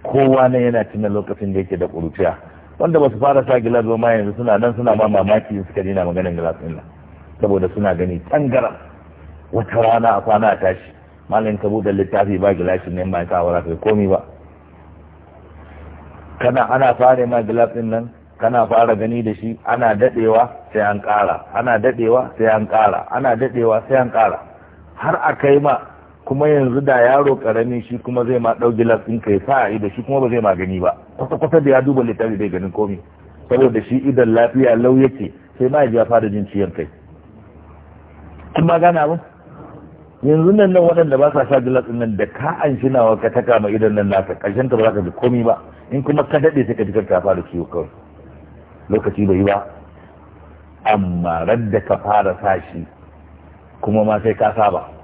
kowa ne yana tuna lokacin da yake da ƙuruciya wanda ba su fara sa gilas ba ma yanzu suna nan suna ma mamaki su ka dina maganin gilas ɗin saboda suna gani tangara wata rana a kwana a tashi malin ka buɗe littafi ba gilashin ne ba ka wara kai komi ba kana ana fara ma gilas ɗin nan kana fara gani da shi ana daɗewa sai an ƙara ana daɗewa sai an ƙara ana daɗewa sai an ƙara har a kai ma kuma yanzu da yaro karamin shi kuma zai ma ɗau gilas din kai sa a da shi kuma ba zai ma gani ba kwata-kwata da ya duba littafi bai ganin komi saboda shi idan lafiya lau yake sai ma ya fara jin ciyan kai kuma gana ba? yanzu nan nan waɗanda ba sa sha gilas din nan da ka an shi nawa ka taka ma idan nan naka ƙarshen ka ba za ka ji komi ba in kuma ka daɗe sai ka ji ta fara ciwo kawai lokaci bai yi ba amma radda ka fara sa shi kuma ma sai ka saba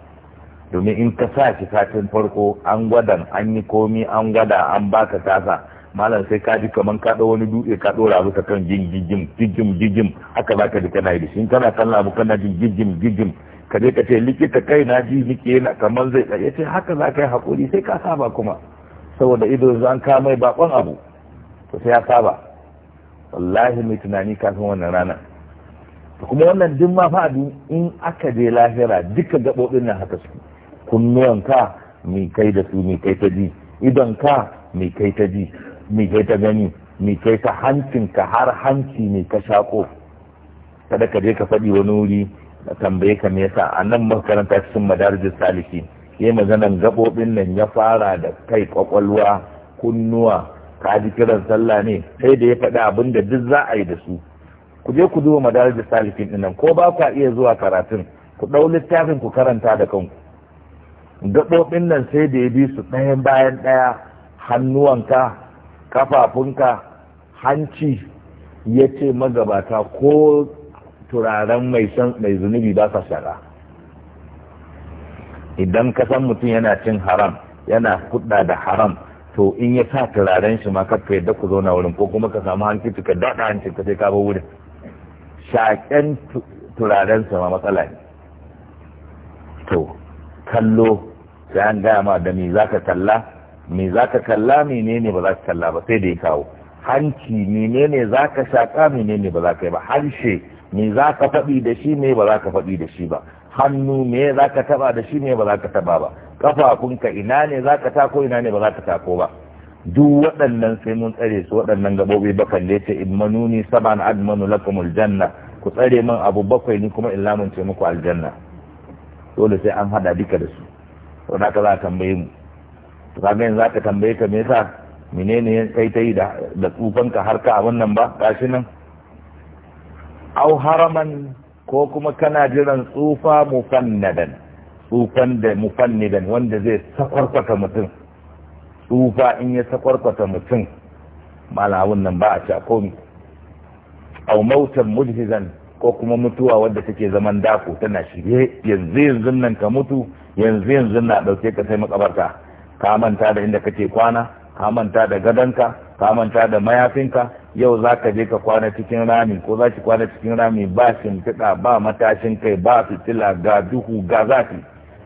domin in ka sa shi katin farko an gwadan an yi komi an gwada an baka tasa malam sai ka ji kaman ka wani dutse ka ɗora abu ka kan jijjim jijjim jijjim haka za ka ji kana yi shi kana kallon abu kana jin jijjim jijjim ka je ka ce likita kai na ji nike na kaman zai ɗaya ce haka za ka yi haƙuri sai ka saba kuma saboda ido zan ka mai bakon abu to sai ya saba wallahi mai tunani kafin wannan rana kuma wannan duk ma fa in aka je lahira duka gaɓoɓin nan haka suke Kunnuwan ka, mai kai da su mai kai ta ji Idan ka, mai kai ta ji mai kai ta gani mai kai ta hancin ka har hanci mai ka shako kada ka je ka faɗi wani wuri na tambaye ka me yasa a nan makaranta cikin madarajar saliki ya maganan gaɓoɓin nan ya fara da kai ƙwaƙwalwa, kunnuwa ka ji kiran sallah ne sai da ya faɗi abin da duk za a yi da su ku je ku duba madarajar salikin ɗin nan ko ba ku iya zuwa karatun ku ɗau littafin ku karanta da kanku gaɓoɓin nan sai da ya bi su ɗayan bayan ɗaya hannuwanka kafafunka hanci ya ce magabata ko turaren mai zunubi ba sa shara idan ka san mutum yana cin haram yana kudda da haram to in ya sa turaren shi ma kafa yadda ku zauna wurin ko kuma ka samu hanci ka daɗa hanci ka sai ka wurin shaƙen turaren sa matsala ne to kallo sai an gaya ma da me za ka kalla me za ka kalla menene ba za ka kalla ba sai da ya kawo hanci menene za ka shaƙa menene ba za ka yi ba harshe me za ka faɗi da shi me ba za ka faɗi da shi ba hannu me za ka taɓa da shi me ba za ka taɓa ba kafafunka ina ne za ka tako ina ne ba za ka tako ba duk waɗannan sai mun tsare su waɗannan gaɓoɓi ba kalle yace in manuni saban admanu lakumul janna ku tsare man abu bakwai ni kuma in lamunce muku aljanna dole sai an haɗa duka da su to na ka za ka tambaye mu to kaga yanzu za ka tambaye ka me yasa menene kai ta yi da ka har ka abin nan ba gashi nan au haraman ko kuma kana jiran tsufa mufannadan tsufan da mufannidan wanda zai sakwarkwata mutum tsufa in ya sakwarkwata mutum malawun nan ba a ci a komi au mautan mujhizan ko kuma mutuwa wadda take zaman dako tana shirye yanzu yanzu nan ka mutu yanzu yanzu na ɗauke ka sai makabarta ka manta da inda kake kwana ka manta da gadonka ka manta da mayafinka yau za ka je ka kwana cikin rami ko za ki kwana cikin rami ba shimfiɗa ba matashin kai ba fitila ga duhu ga zafi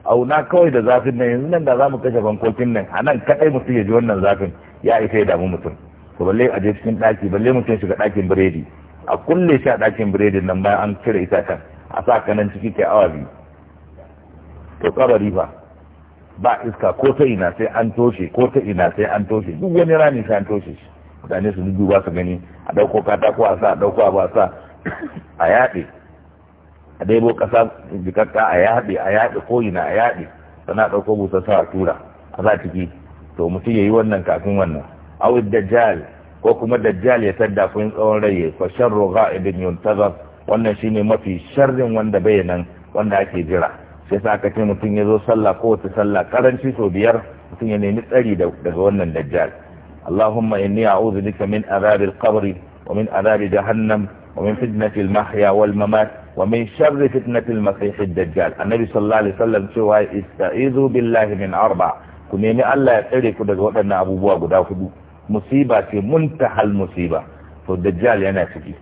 auna kawai da zafin nan yanzu nan da za mu kashe bankokin nan a nan kadai mutum ya ji wannan zafin ya isa ya damu mutum to balle a je cikin ɗaki balle mutum shiga ɗakin biredi a kulle shi a ɗakin biredin nan bayan an cire itacen a sa kanan ciki kai awa biyu to kabari fa ba iska ko ta ina sai an toshe ko ta ina sai an toshe duk wani rani sai an toshe shi mutane su ba su gani a dauko katako a sa a dauko ba sa a yaɗe a daibo ƙasa jikakka a yaɗe a yaɗe ko ina a yaɗe sana ɗauko busa sa a tura a za ciki to mutum ya yi wannan kafin wannan awi dajjal ko kuma dajjal ya tadda kun tsawon rai fa sharru gha'ibin yuntazar wannan shine mafi sharrin wanda bai nan wanda ake jira sai sa aka ce mutum ya zo sallah ko wata sallah karanci sau biyar mutum ya nemi tsari daga wannan dajjal Allahumma inni a'udhu bika min azabil qabri wa min azabi jahannam wa min fitnati al-mahya wal mamat wa min sharri fitnati al-masih ad-dajjal annabi sallallahu alaihi wasallam cewa ista'izu billahi min arba ku nemi Allah ya tsare ku daga waɗannan abubuwa guda hudu musiba ce muntahal musiba to dajjal yana ciki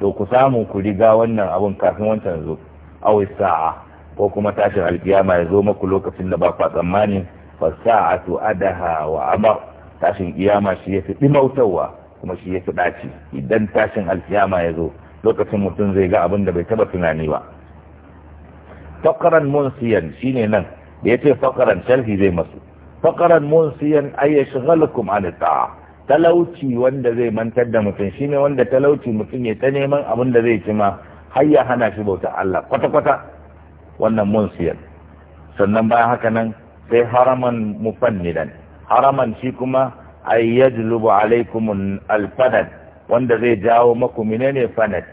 to ku samu ku riga wannan abun kafin wancan zo awai sa'a ko kuma tashin alkiyama ya zo maku lokacin da ba kwa tsammani sa'atu adaha wa amar tashin kiyama shi yafi dimautawa kuma shi yafi daci idan tashin alkiyama ya zo lokacin mutum zai ga abin da bai taba tunani ba faqaran munsiyan shine nan da yace faqaran sharhi zai masu faqaran munsiyan ay yashghalukum an ta'a talauci wanda zai mantar da mutum shine wanda talauci mutum ya ta neman abin da zai ci ma har ya hana shi bauta Allah kwata kwata wannan munsiyar sannan bayan haka nan sai haraman mufannidan haraman shi kuma ay alaikum alfanad wanda zai jawo maku menene fanad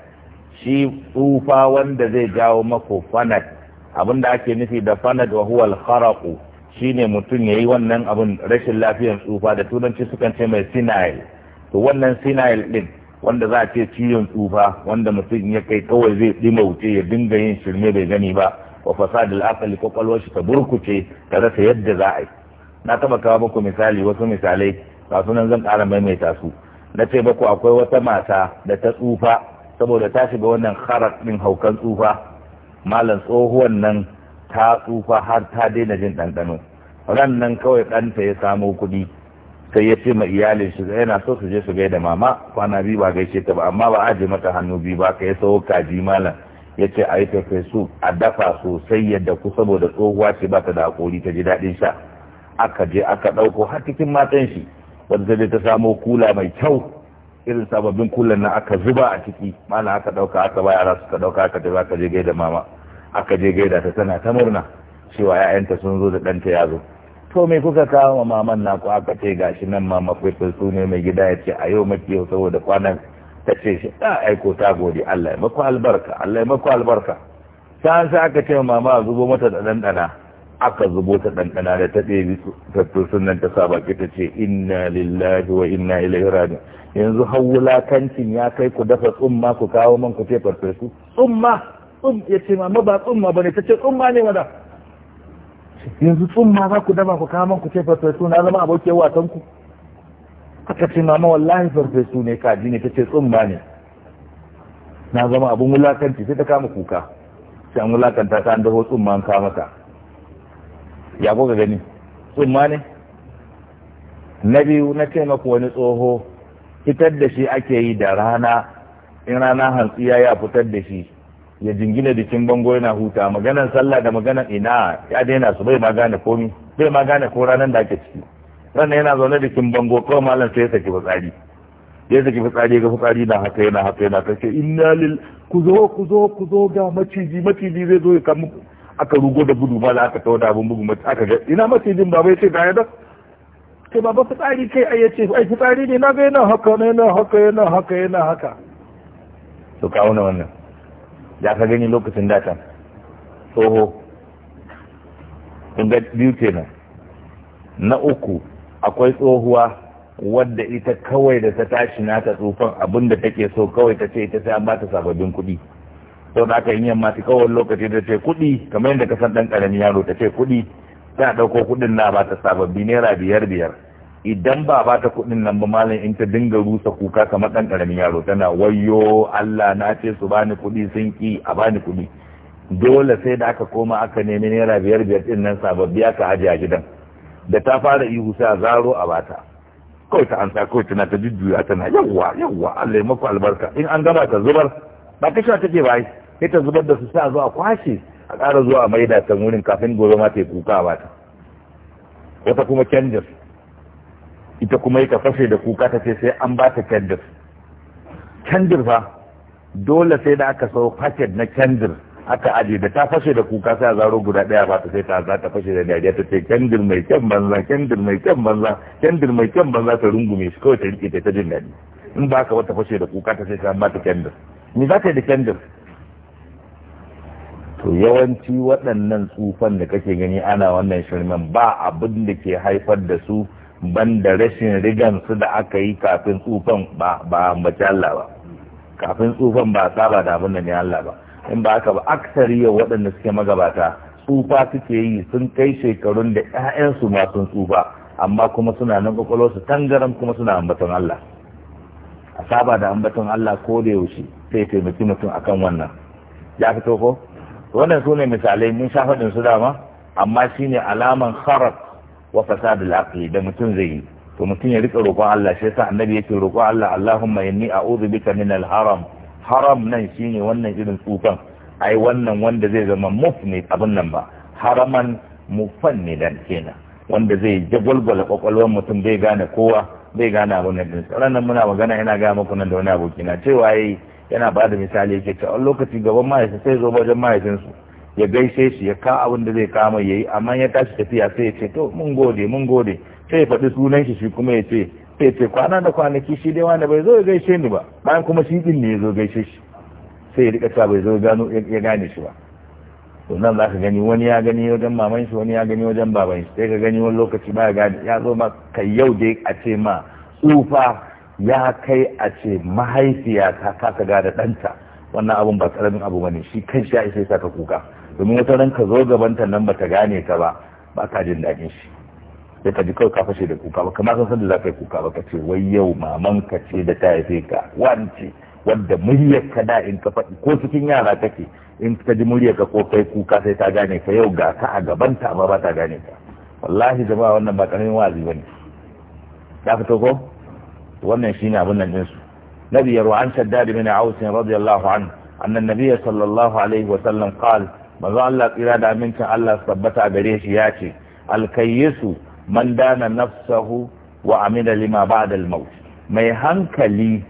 shi tsufa wanda zai jawo maku fanad abinda ake nufi da fanad wa huwa al shi shine mutum yayi wannan abin rashin lafiyar tsufa da turanci sukan ce mai sinayil to wannan sinayil din wanda za a ce ciwon tsufa wanda mutum ya kai kawai zai ɗima wuce ya dinga yin shirme bai gani ba wa fasadil aqli kwakwalwar shi ta burkuce ta rasa yadda za a yi na taba kawo muku misali wasu misalai ga nan zan ƙara maimaita su na ce baku akwai wata mata da ta tsufa saboda ta shiga wannan harak din haukan tsufa malam tsohuwan nan ta tsufa har ta daina jin ɗanɗano ran nan kawai ɗanta ya samo kuɗi sai ya ce ma iyalin shi yana so su je su gaida mama kwana biyu ba gaishe ta ba amma ba aje mata hannu biyu ba ka ya ka kaji malam ya ce a yi su a dafa sosai yadda ku saboda tsohuwa ce ba ta da haƙori ta ji daɗin sha aka je aka ɗauko har cikin matan shi wanda ta ta samo kula mai kyau irin sababbin kulan na aka zuba a ciki mana aka ɗauka aka ba yara suka ɗauka aka tafi aka je gaida mama aka je gaida ta tana ta murna cewa 'ya'yanta sun zo da ɗanta ya zo to me kuka kawo ma maman naku aka ce gashi nan mama fefesu ne mai gida ya ce a yau mafi yau saboda kwanan ta ce shi ta ah, aiko ta gode Allah ya maku albarka Allah ya maku albarka ta sa aka ce mama a zubo mata da ɗanɗana aka zubo ta ɗanɗana da ta ɗebi tattu sunan ta sa baki ta ce inna lillahi wa inna ilaihi raji yanzu har wulakancin ya kai ku dafa tsumma ku kawo man ku ce farfesu tsumma tsum ya ce mama ba tsumma bane ta ce tsumma ne wada yanzu tsumma za ku dafa ku kawo man ku ce farfesu na zama abokin wasan ku aka ce mama wallahi farfesu ne kaji ne ta ce tsumma ne na zama abin wulakanci sai ta kama kuka sai an wulakanta ta an daho tsumma an kama ta ya ko ga gani tsumma ne na biyu na ce maku wani tsoho fitar da shi ake yi da rana in rana hantsi ya fitar da shi ya jingina jikin bango yana huta maganar sallah da maganar ina ya daina su bai ma gane komi bai ma gane ko ranar da ake ciki sannan yana zaune da kin bango kawai malam sai ya saki fitsari ya saki fitsari ga fitsari na haka yana haka yana kace inna lil ku zo ku zo ku zo ga maciji maciji zai zo ya kamu aka rugo da gudu ba aka tawo da abun bugu mata aka ga ina macijin baba ya ce ga yadda ce baba fitsari ce ai ya ce ai fitsari ne na ga yana haka yana haka yana haka yana haka to kawo na wannan ya ka gani lokacin datan soho kun ga biyu kenan na uku akwai tsohuwa wadda ita kawai da ta tashi nata tsufan abin da take so kawai ta ce ita sai an bata sababbin kuɗi sau da aka yi yamma ta kawai lokaci da ce kuɗi kamar yadda ka san ɗan ƙaramin yaro ta ce kuɗi ta ɗauko kuɗin na ba ta sababbi naira biyar biyar idan ba ba ta kuɗin nan ba malam in ta dinga rusa kuka kamar ɗan ƙaramin yaro tana wayo Allah na ce su bani kuɗi sun ki a bani kuɗi dole sai da aka koma aka nemi naira biyar biyar ɗin nan sababbi aka ajiye a gidan da ta fara ihu sai a zaro a bata kawai ta ansa kawai tana ta jujjuya tana yawwa yawwa Allah ya albarka in an gama ta zubar ba ta sha take bai sai ta zubar da su sa a zo a kwashe a ƙara zuwa a maida ta wurin kafin gobe ma ta yi kuka a bata wata kuma kendir ita kuma yi fashe da kuka ta ce sai an ba ta kendir kendir fa dole sai da aka sau faket na kendir aka aje da ta fashe da kuka sai a zaro guda daya ba ta sai ta za ta fashe da dariya ta ce kendir mai kyan banza kendir mai kyan banza kendir mai kyan banza ta rungume shi kawai ta rike ta jin daɗi in ba ka wata fashe da kuka ta sai ta ba ta kendir ni za ka yi da kendir to yawanci waɗannan tsufan da kake gani ana wannan shirman ba abin da ke haifar da su ban da rashin rigan su da aka yi kafin tsufan ba ba mace Allah ba kafin tsufan ba saba da abin da ne Allah ba in ba aka ba aksari yau waɗanda suke magabata tsufa suke yi sun kai shekarun da 'ya'yansu ma sun tsufa amma kuma suna nan su tangaram kuma suna ambaton Allah a saba da ambaton Allah ko da yaushe sai taimaki mutum akan wannan ya fito ko wannan su ne misalai mun sha faɗin su dama amma shine alaman kharab wa fasadul aqli da mutum zai yi to mutum ya rika roƙon Allah shi yasa annabi yake roƙon Allah Allahumma inni a'udhu bika min al-haram haram nan shine wannan irin tsukan ai wannan wanda zai zama mufni abin nan ba haraman dan kenan wanda zai jagwalgwala kwakwalwar mutum bai gane kowa bai gane abin nan ranar muna magana yana gaya muku nan da wani aboki na cewa yayi yana ba da misali yake cewa lokaci gaban mahaifin sai zo wajen su ya gaishe shi ya ka abin da zai kama yayi amma ya tashi tafiya sai ya ce to mun gode mun gode sai ya faɗi sunan shi shi kuma ya ce sai kwana da kwanaki shi dai wani bai zo gaishe ni ba bayan kuma shi din ne ya zo gaishe shi sai ya rika cewa bai zo gano ya gane shi ba to nan za ka gani wani ya gani wajen maman shi wani ya gani wajen baban shi sai ka gani wani lokaci ba ya gane ya zo ma kai yau dai a ce ma tsufa ya kai a ce mahaifiya ta kasa gada ɗanta wannan abun ba karamin abu bane shi kan shi ya isa ya kuka domin wata ran ka zo gabanta nan ba ta gane ka ba ba ka jin daɗin shi ya ka kawai ka fashe da kuka ba kamar san da za ka yi kuka ba ka ce wai yau maman ka ce da ta haife ka wance wadda muryar ka da in ka faɗi ko cikin yara take in ka ji muryar ka ko kai kuka sai ta gane ka yau ga ka a gaban ta amma ba ta gane ka wallahi jama'a wannan ba karamin wazi ne. Ya fito ko wannan shi ne abin nan din su nabi yarwa an shaddad bin hausin radiyallahu anhu anna nabiy sallallahu alaihi wa sallam ba manzo Allah tsira da amincin Allah tabbata gare shi ya ce alkayyisu man dana nafsahu wa amila lima ba'da maut mai hankali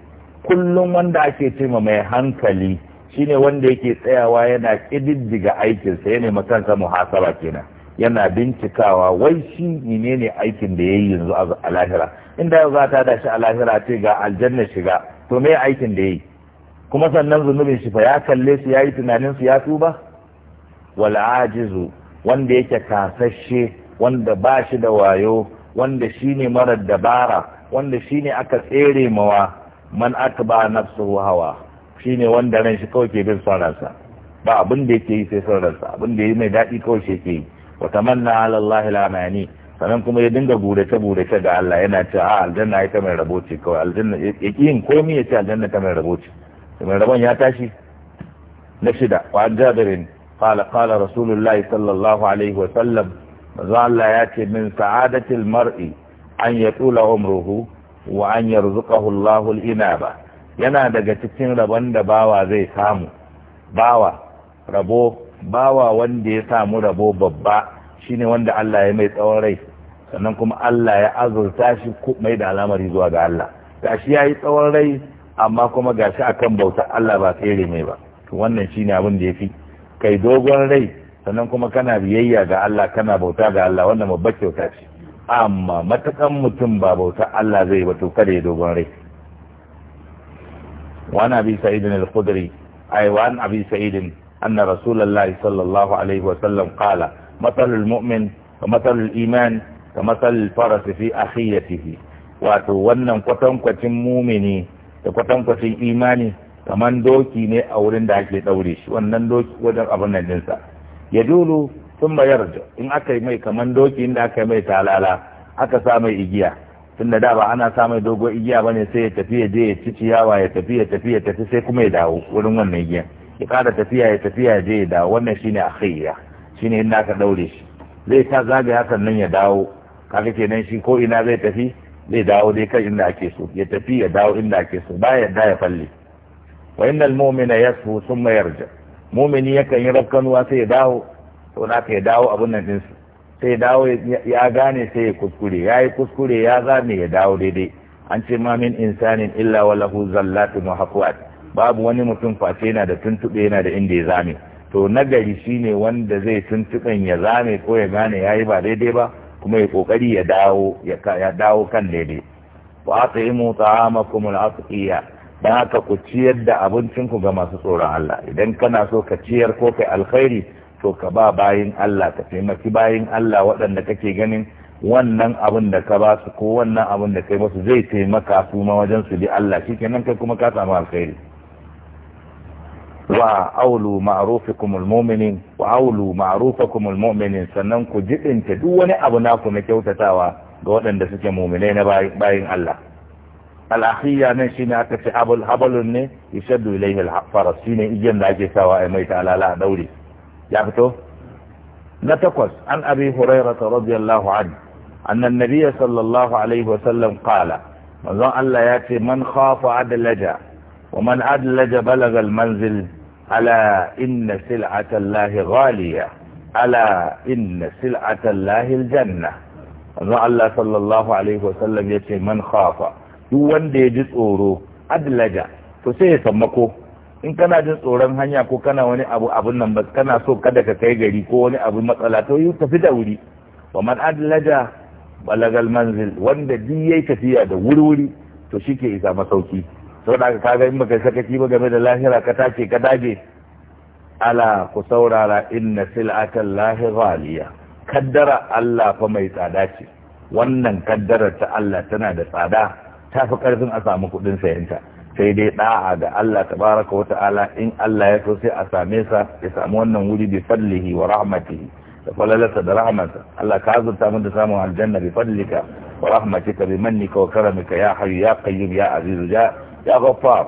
kullum wanda ake cewa mai hankali shine wanda yake tsayawa yana kididdiga aikinsa ya mutan kansa muhasaba kenan yana bincikawa wai shi menene aikin da yayi yanzu a lahira inda yau za ta da shi a lahira ce ga aljanna shiga to me aikin da yayi kuma sannan zunubin shi fa ya kalle su yayi tunanin su ya tuba wal ajizu wanda yake kasashe wanda ba shi da wayo wanda shi ne marar dabara wanda shi ne aka tsere mawa man aka ba nafsu hawa shi ne wanda ran shi kawai ke bin sauransa ba abin da yake yi sai sauransa abin da yi mai daɗi kawai shi ke yi wa tamanna ala alallahi lamani sannan kuma ya dinga burace burace ga Allah yana ce a ah, aljanna ita mai rabo ce kawai aljanna ya ki yin komai ya ce aljanna ta mai rabo ce mai rabon ya tashi na shida wa jabirin qala qala rasulullahi sallallahu alaihi wa sallam manzo Allah ya ce min sa'adatil mar'i an yatula umruhu wa an yarzuqahu Allahu al-inaba yana daga cikin rabon da bawa zai samu bawa rabo bawa wanda ya samu rabo babba shine wanda Allah ya mai tsawon rai sannan kuma Allah ya azurta shi mai da alamari zuwa ga Allah gashi yayi tsawon rai amma kuma gashi akan bautar Allah ba tsere mai ba to wannan shine abin da yafi kai dogon rai sannan kuma kana biyayya ga Allah kana bauta ga Allah wannan babbar kyauta ce amma matakan mutum ba bauta Allah zai ba to kada ya dogon rai wa na bi sa'id al-khudri ay wa an abi sa'id anna rasulullah sallallahu alaihi wa sallam qala matal al-mu'min wa matal al-iman ka matal al-faras fi akhiyatihi wato wannan kwatankwacin mumini da kwatankwacin imani kaman doki ne a wurin da ake daure shi wannan doki wajen abin nan dinsa ya dulu sun mayar in aka yi mai kamar doki inda aka yi mai talala aka sa mai igiya tun da ba ana sa mai dogon igiya ba ne sai ya tafi ya je ya ci ciyawa ya tafi ya tafi ya tafi sai kuma ya dawo wurin wannan igiya ya kada tafiya ya tafiya ya je ya dawo wannan shine akhiyya shine inda aka daure shi zai ta zaga hakan nan ya dawo kaga kenan shi ko ina zai tafi zai dawo dai kan inda ake so ya tafi ya dawo inda ake so ba ya da ya falle wa innal mu'mina yasfu thumma yarja mumini yakan yi rafkanuwa sai ya dawo to na ya dawo abin nan ɗinsu sai ya dawo ya gane sai ya kuskure ya yi kuskure ya zame ya dawo daidai an ce mamin min insanin illa wa lahu zallatun babu wani mutum face yana da tuntube yana da inda ya zame to nagari shine wanda zai tuntuɓen ya zame ko ya gane ya yi ba daidai ba kuma ya kokari ya dawo ya dawo kan daidai wa at'imu ta'amakum al-asqiya da haka ku ciyar da abincinku ga masu tsoron Allah idan kana so ka ciyar ko kai alkhairi to ka ba bayin Allah ka taimaki bayin Allah waɗanda kake ganin wannan abin da ka ba su ko wannan abin da kai masu zai taimaka su ma wajen su bi Allah shikenan kai kuma ka samu alkhairi wa aulu ma'rufikum almu'minin wa aulu ma'rufakum almu'minin sannan ku jidinta duk wani abu naku na kyautatawa ga waɗanda suke mu'minai na bayin Allah الأخي يعني شنا كسي أبو الهبل يشد إليه الفرس شنا إجن لاجي سواء ميت على لا دوري يعبتو نتقص عن أبي هريرة رضي الله عنه أن النبي صلى الله عليه وسلم قال من ظن الله يأتي من خاف عدلجا ومن عدلج بلغ المنزل ألا إن سلعة الله غالية ألا إن سلعة الله الجنة من الله صلى الله عليه وسلم يأتي من خاف duk wanda ya ji tsoro adlaja to sai ya sammako in kana jin tsoron hanya ko kana wani abu abun nan ba kana so kada ka kai gari ko wani abu matsala to yi tafi da wuri wa man adlaja balagal manzil wanda duk yayi tafiya da wuri-wuri to shike isa masauki da ka ga in baka sakaci ba game da lahira ka take ka dage ala ku saurara inna sil'atan lahi ghaliya kaddara Allah fa mai tsada ce wannan kaddarar ta Allah tana da tsada ta fi karfin a samu kuɗin sayanta sai dai da'a da Allah tabaraka wa ta'ala in Allah ya so sai a same sa ya samu wannan wuri bi fadlihi wa rahmatihi da falalarsa da rahmatsa Allah ka azurta mun da samun aljanna bi fadlika wa rahmatika bi mannika wa karamika ya hayyu ya qayyum ya aziz ya ya ghaffar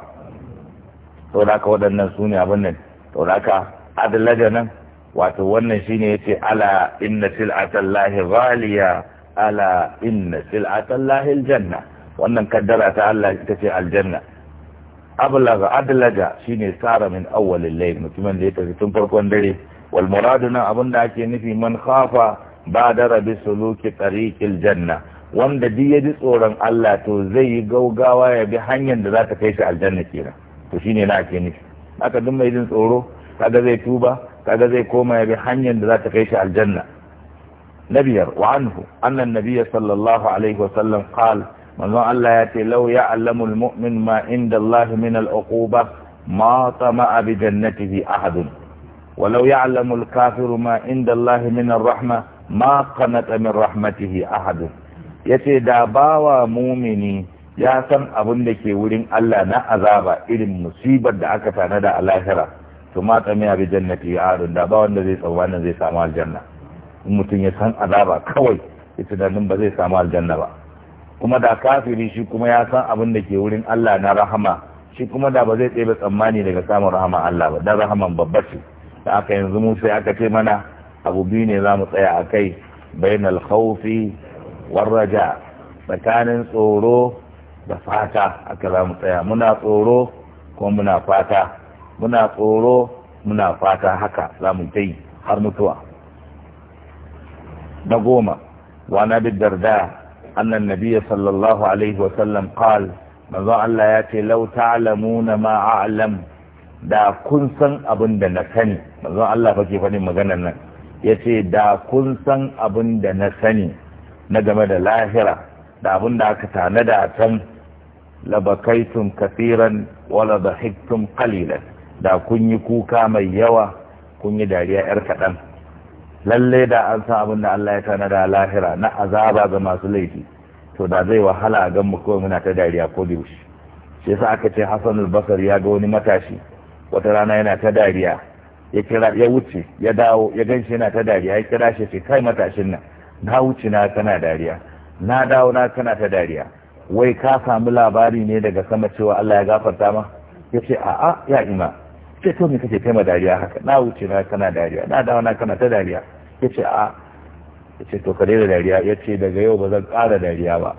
to da ka waɗannan sune abin nan to da ka adalaja nan wato wannan shine yace ala inna sil'atallahi ghaliya ala inna sil'atallahi aljanna wannan kaddara ta Allah ita ce aljanna ablaga adlaga shine sara min awwalil layl mutumin da ya tafi tun farkon dare wal muradu nan abinda ake nufi man khafa badara bi suluki tariqil janna wanda duk ya ji tsoron Allah to zai yi gaugawa ya bi hanyar da za ta kai shi aljanna kenan to shine na ake nufi haka duk mai jin tsoro kaga zai tuba kaga zai koma ya bi hanyar da za ta kai shi aljanna na biyar wa anhu annan nabiyya sallallahu alaihi wa sallam manzon Allah ya ce law ya'lamul mu'min ma inda Allah min al-uquba ma tama'a bi jannatihi ahadun walau ya'lamul kafiru ma inda Allah min ar-rahma ma qanata min rahmatihi ahadun yace da bawa mumini ya san abin da ke wurin Allah na azaba irin musibar da aka tana da alahira to ma tsamaya bi jannati arun da ba wanda zai tsammanin zai samu aljanna in mutum ya san azaba kawai ya tunanin ba zai samu aljanna ba kuma da kafiri shi kuma ya san abin da ke wurin Allah na rahama shi kuma da ba zai tsebe tsammani daga samun rahama Allah ba dan rahaman babba ce da aka yanzu mu sai aka ce mana abu biyu ne za mu tsaya a kai bainal khawfi war raja tsakanin tsoro da fata aka za mu tsaya muna tsoro kuma muna fata muna tsoro muna fata haka za mu har mutuwa na goma wa na darda annan nabiya sallallahu alaihi wasallam qal manzo Allah ya ce law ta'lamuna ma a'lam da kun san abin da na sani manzo nan yace da kun san abin da na sani na game da lahira da abin da aka tanada a can labakaitum kafiran wala dhahiktum qalilan da kun yi kuka mai yawa kun yi dariya yar kaɗan lalle da an san abin da Allah ya da lahira na azaba ga masu laifi to da zai wahala a ganmu mu kawai muna ta dariya ko da yaushe shi yasa aka ce Hassan al-Basri ya ga wani matashi wata rana yana ta dariya ya kira ya wuce ya dawo ya ganshi yana ta dariya ya kira shi ce kai matashin nan na wuce na kana dariya na dawo na kana ta dariya wai ka samu labari ne daga sama cewa Allah ya gafarta ma yace a'a ya ima ce to me kake kai dariya haka na wuce na kana dariya na dawo na kana ta dariya yace a yace to ka daina dariya yace daga yau ba zan ƙara dariya ba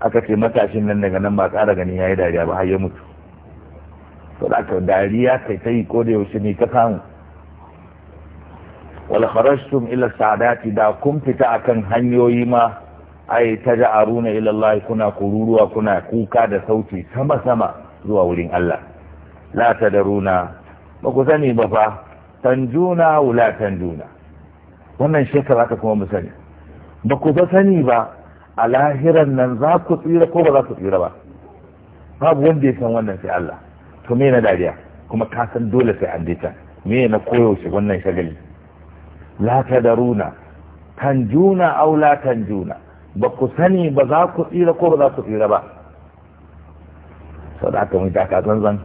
aka ce matashin nan daga nan ba ƙara ganin yayi dariya ba har ya mutu to da ka dariya kai ta ko da yaushe ne ka samu wala kharajtum ila sa'adati da kun fita akan hanyoyi ma ai ta runa ila Allah kuna kururuwa kuna kuka da sauti sama sama zuwa wurin Allah la tadaruna ba ku sani ba fa tanjuna wula tanjuna wannan shekara aka kuma mu sani ba ku ba sani ba a lahiran nan za ku tsira ko ba za ku tsira ba babu wanda ya san wannan sai Allah to me na dariya kuma ka san dole sai an dita me na koyaushe wannan shagali la daruna tanjuna aw la tanjuna ba ku sani ba za ku tsira ko ba za ku tsira ba sau da aka mun ta ka zanzan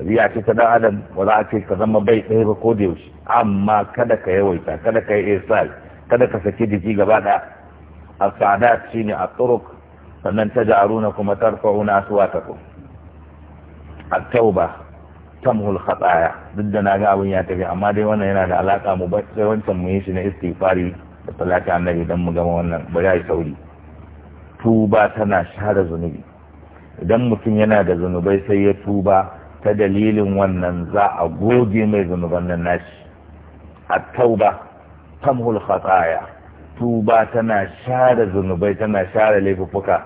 tabi'a ce ta dan adam ba za a ce ka zama bai ɗaya ba ko da yaushe amma kada ka yawaita kada ka yi isal kada ka saki jiki gaba da a shine a turuk sannan ta aruna kuma tarfa'una ku at-tauba tamhul khataya duk da na ga abin ya tafi amma dai wannan yana da alaka mu bai wancan mu yi shi na istighfari da salati annabi dan mu gama wannan ba ya yi sauri tuba tana share zunubi idan mutum yana da zunubai sai ya tuba ta dalilin wannan za a goge mai zunuban nan nashi a tauba tamhul khataya tuba tana share zunubai tana share laifuffuka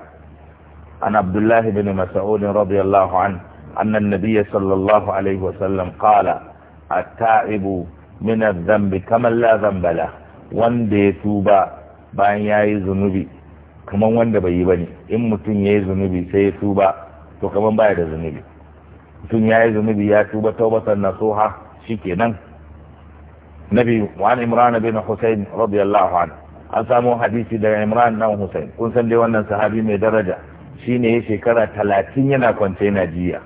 an abdullahi bin mas'ud radiyallahu an anna an-nabiy sallallahu alaihi sallam qala at-ta'ibu min adh-dhanbi kama la dhanba wanda ya tuba bayan yayi zunubi kaman wanda bai yi bane in mutum yayi zunubi sai ya tuba to kaman baya da zunubi mutum ya yi zunubi ya tuba taubatan nasuha shikenan nabi wa imran bin husayn radiyallahu an an samu hadisi daga imran dan husayn kun san dai wannan sahabi mai daraja shine ya shekara talatin yana kwance na najiya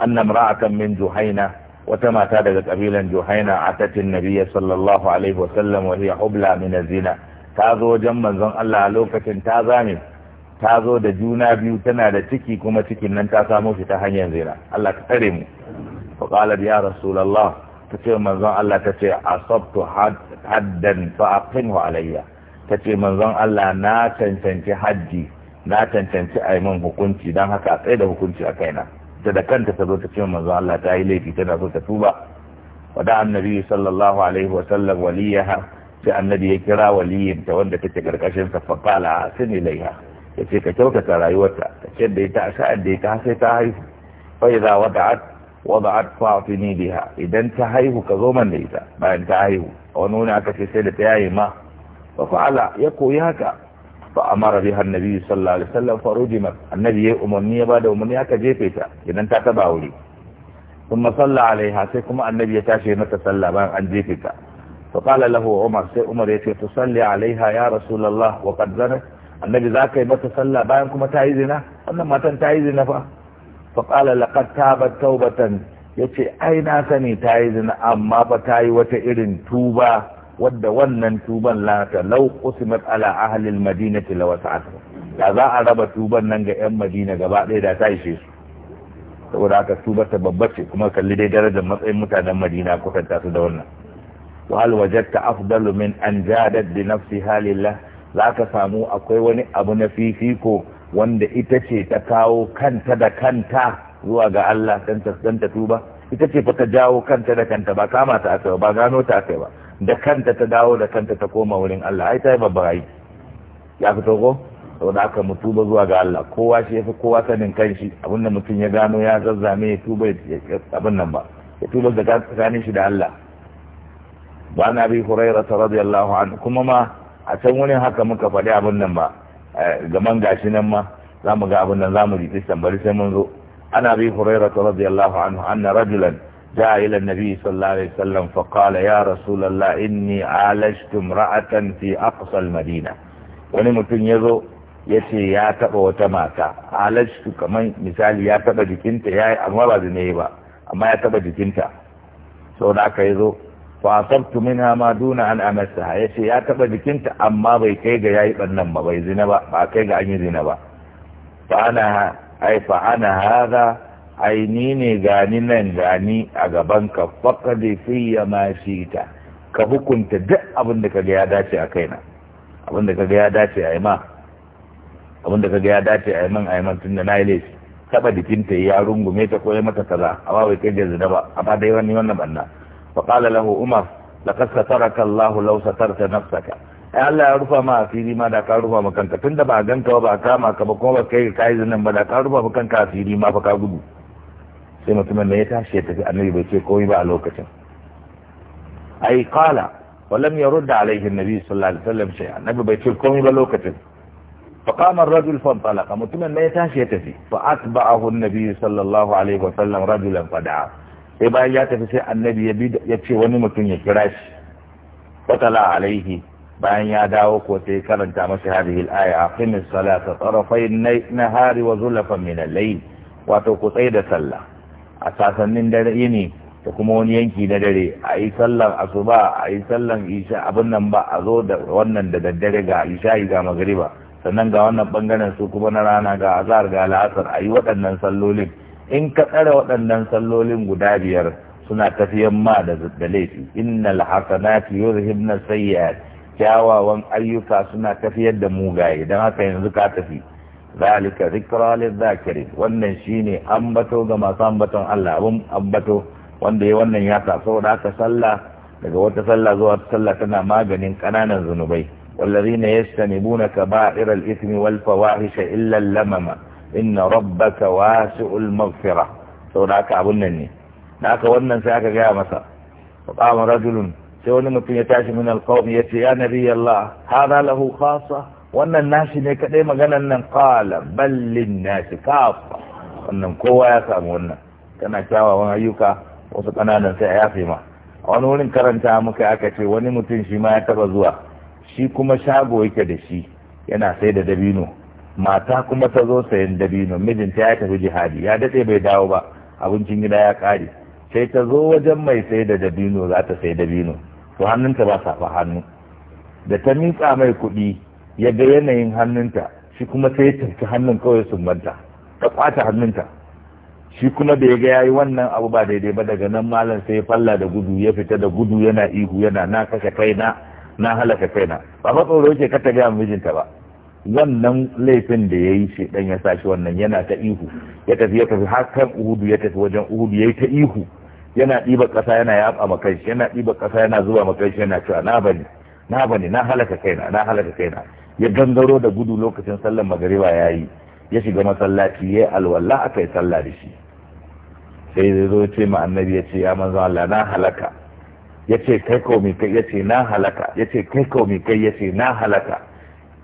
anna imra'atan min juhaina wata mata daga kabilan juhaina atatin nabiyya sallallahu alaihi wasallam wa hiya hubla min zina ta zo wajen manzon Allah a lokacin ta zame ta zo da juna biyu tana da ciki kuma cikin nan ta samo shi ta hanyar zina Allah ka tsare mu fa qala ya rasulullah ta ce manzon Allah ta ce asabtu haddan fa aqimhu alayya ta ce manzon Allah na cancanci hajji na cancanci a min hukunci don haka a tsaye da hukunci a kaina ta da kanta ta zo ta ce manzon Allah ta yi laifi tana so ta tuba wada annabi sallallahu alaihi wa sallam waliyaha sai annabi ya kira waliyinta wanda take karkashin sa fa qala asini ya ce ka kyautata rayuwarta ka ce da ita a sha'ad da ita sai ta haihu fai za wada'at wada'at fa'afini idan ta haihu ka zo man da ita bayan ta haihu a wani wani aka ce sai da ta ma ba fa'ala ya koyi haka fa amara biha annabi sallallahu alaihi wasallam fa rujima annabi ya umarni ya bada umarni aka jefe ta idan ta taba wuri kuma salla alaiha sai kuma annabi ya tashi mata sallah bayan an jefe ta fa qala lahu umar sai umar ya ce tusalli alaiha ya rasulullah wa qad zanat annabi za ka yi mata sallah bayan kuma ta yi zina wannan matan ta yi zina fa faƙala laƙar tabar taubatan ya ce ai na sani ta yi zina amma ba ta yi wata irin tuba wadda wannan tuban lata lau usimat ala ahalil madinati la wasa'at da za a raba tuban nan ga yan madina gaba ɗaya da ta ishe su saboda haka tubar ta babba ce kuma kalli dai darajar matsayin mutanen madina kusanta su da wannan wa al wajadta afdalu min an jadad bi nafsi halillah za ka samu akwai wani abu na fifiko wanda ita ce ta kawo kanta da kanta zuwa ga Allah dan ta tuba ita ce fa ta jawo kanta da kanta ba kama ta aka ba gano ta aka ba da kanta ta dawo da kanta ta koma wurin Allah ai ta yi babbar aiki ya fito ko saboda aka mu tuba zuwa ga Allah kowa shi yafi kowa sanin kanshi abinda mutum ya gano ya zazzame ya tuba abin nan ba ya tuba da tsakanin shi da Allah ba na bi hurairah radiyallahu anhu kuma ma a can wani haka muka faɗi abin nan ba eh, gaman gashi nan ma za mu ga abin nan za mu ji tistan bari sai mun zo ana bi hurairah ta radiyallahu anhu anna rajulan ja ila nabi sallallahu alaihi wasallam ya rasulullah inni alajtu ra'atan fi aqsal madina wani mutum ya zo ya ce ya taɓa wata mata alajtu kamar misali ya taɓa jikinta ya yi amma ba zai ba amma ya taɓa jikinta sau da aka yi zo fa asabtu minha ma duna an amassaha yace ya taba jikinta amma bai kai ga yayi bannan ba bai zina ba ba kai ga an yi zina ba fa ana ai fa ana hada ai ni ne gani nan gani a gaban ka faqadi fi ma shita ka hukunta duk abin da kaga ya dace a kaina abin da kaga ya dace a ima abin da kaga ya dace a iman a iman tunda na yi laifi taba jikinta ya rungume ta ko ya mata kaza amma bai kai ga zina ba amma dai wani wannan banna فقال له عمر لقد سترك الله لو سترت نفسك ai Allah ya rufa ma asiri ma da ka rufa ma kanka tunda ba ganka ba kama ka ba kuma ba kai kai zanin ba da ka rufa ma kanka asiri ma fa ka gudu sai mutumin da ya tashi ya tafi annabi bai ce komai ba a lokacin ai qala wa lam yurd alayhi an-nabi sallallahu alaihi wasallam shay annabi bai ce komai ba lokacin fa qama ar-rajul fa talaqa mutumin da ya tashi ya tafi fa atba'ahu an-nabi sallallahu alaihi wasallam rajulan fada'a sai bayan ya tafi sai annabi ya bi ya ce wani mutum ya kira shi fatala alaihi bayan ya dawo ko sai karanta masa hadhihi al-aya aqimis salata tarafay nahari wa zulfan min al-layl wato ku tsaye da sallah a sasannin dare yini da kuma wani yanki na dare a yi sallan asuba a yi sallan isha abin nan ba a zo da wannan da daddare ga isha'i ga magriba sannan ga wannan bangaren su kuma na rana ga azhar ga la'asar a yi waɗannan sallolin in ka tsara waɗannan sallolin guda biyar suna tafiyan ma da laifi innal hasanati yuzhibna sayyi'at kyawawan ayyuka suna tafiyar da mugaye idan haka yanzu ka tafi zalika zikra lidh-dhakirin wannan shine ambato ga masu ambaton Allah abun ambato wanda ya wannan ya sa saboda haka sallah daga wata sallah zuwa wata sallah tana maganin kananan zunubai والذين يجتنبون كبائر wal fawahisha إلا lamama inna rabbaka wasi'ul maghfira saboda haka abun nan ne da aka wannan sai aka gaya masa wa qama rajulun sai wani mutum ya tashi min alqawm ya ce ya nabi Allah hada lahu khassa wannan nashi ne kadai maganan nan qala bal lin kafa wannan kowa ya samu wannan kana kyawawan ayyuka wasu kananan sai ya yafe ma a wani wurin karanta muka aka ce wani mutum shi ma ya taba zuwa shi kuma shago yake da shi yana sai da dabino mata kuma ta zo sayan dabino mijinta ya tafi jihadi ya daɗe bai dawo ba abincin gida ya kare sai ta zo wajen mai sai da dabino za ta sai dabino to hannunta ba safa hannu da ta miƙa mai kuɗi ya ga yanayin hannunta shi kuma sai ya tafi hannun kawai sumbanta ta ƙwata hannunta shi kuma da ya ga yayi wannan abu ba daidai ba daga nan malam sai ya falla da gudu ya fita da gudu yana ihu yana na kashe kaina na halaka kaina ba fa tsoro yake ka ta ga mijinta ba wannan laifin da ya yi dan ya sashi wannan yana ta ihu ya tafi ya tafi har kan uhudu ya tafi wajen uhudu ya yi ta ihu yana ɗiba ƙasa yana yaɓa ma kanshi yana ɗiba ƙasa yana zuba ma kanshi yana cewa na bane na bane na halaka kaina na halaka kaina ya gangaro da gudu lokacin sallar magariba ya yi ya shiga masallaci ya yi alwala aka yi sallah da shi sai zai zo ce ma annabi ya ce ya manzo Allah na halaka ya ce kai ko kai ya ce na halaka ya ce kai ko kai ya ce na halaka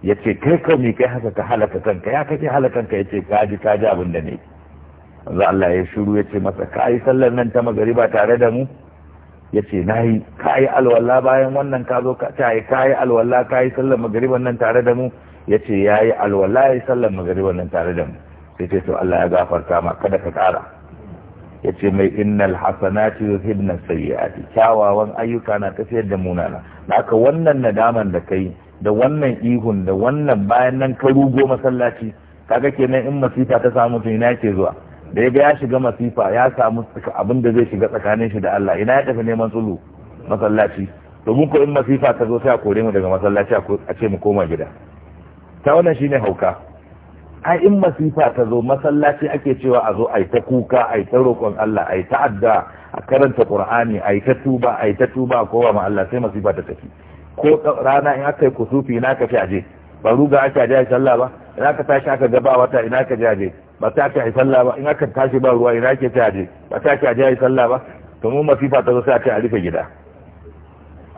ya ce kai ka kai haka ka halaka kanka ya kake halaka kanka ya ce kaji kaji abin da ne za Allah ya shuru ya ce masa ka yi sallar nan ta magariba tare da mu ya ce na yi ka yi alwala bayan wannan ka zo ka yi alwala ka yi sallar magariban nan tare da mu ya ce ya yi alwala ya yi sallar magariban nan tare da mu ya ce to Allah ya gafarta ma kada ka kara ya ce mai innal hasanati yuzhibna sayyi'ati kyawawan ayyuka na tafiyar da munana haka wannan nadaman da kai da wannan ihun da wannan bayan nan ka rugo masallaci kaga kenan in masifa ta samu to ina yake zuwa da ya ga ya shiga masifa ya samu abin da zai shiga tsakanin shi da Allah ina ya tafi neman tsulu masallaci to mun ko in masifa ta zo sai a kore mu daga masallaci a ce mu koma gida ta wannan shine hauka ai in masifa ta zo masallaci ake cewa a zo ai ta kuka ai ta roƙon Allah ai ta adda a karanta Qur'ani ai ta tuba ai ta tuba kowa ma Allah sai masifa ta tafi ko rana in aka yi kusufi ina ka aje ba ruga aka a sallah ba in aka tashi aka gaba wata ina ka aje ba ta ka sallah ba in aka tashi ba ruwa ina ke aje ba ta ka aje sallah ba to mu masifa ta zo sai aka rufe gida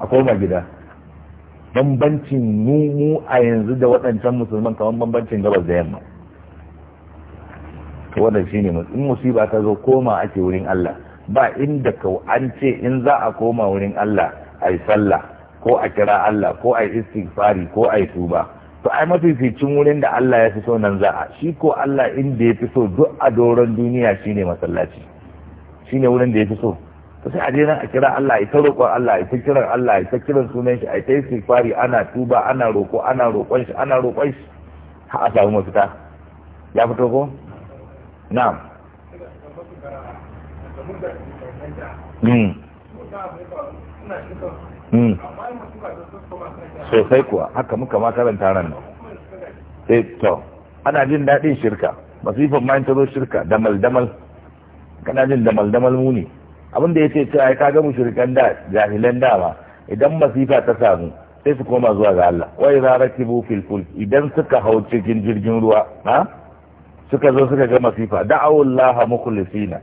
a koma gida bambancin mu mu a yanzu da waɗancan musulman kamar bambancin gabas da yamma wannan shine in musiba ta zo koma ake wurin Allah ba inda ka an ce in za a koma wurin Allah ai sallah ko a kira Allah ko a yi istighfari ko a yi tuba to ai mafificin wurin da Allah ya fi so nan za a shi ko Allah inda ya fi so duk a doron duniya shine masallaci shine wurin da ya fi so to sai a je nan a kira Allah ya ta roƙon Allah ya ta kiran Allah ya ta kiran sunan shi a ta istighfari ana tuba ana roƙo ana roƙon shi ana roƙon shi ha a samu mafita ya fito ko na'am mm. Hmm. sosai kuwa haka muka ma karanta nan sai eh, to ana jin daɗin shirka masifan ma ta zo shirka damal damal kana jin damal damal muni abin da yace cewa ai kaga shirkan da jahilan dama idan masifa ta samu sai su koma zuwa ga Allah za a rakibu fil fulk idan suka hau cikin jirgin ruwa ha suka zo suka ga masifa da'awullaha mukhlisina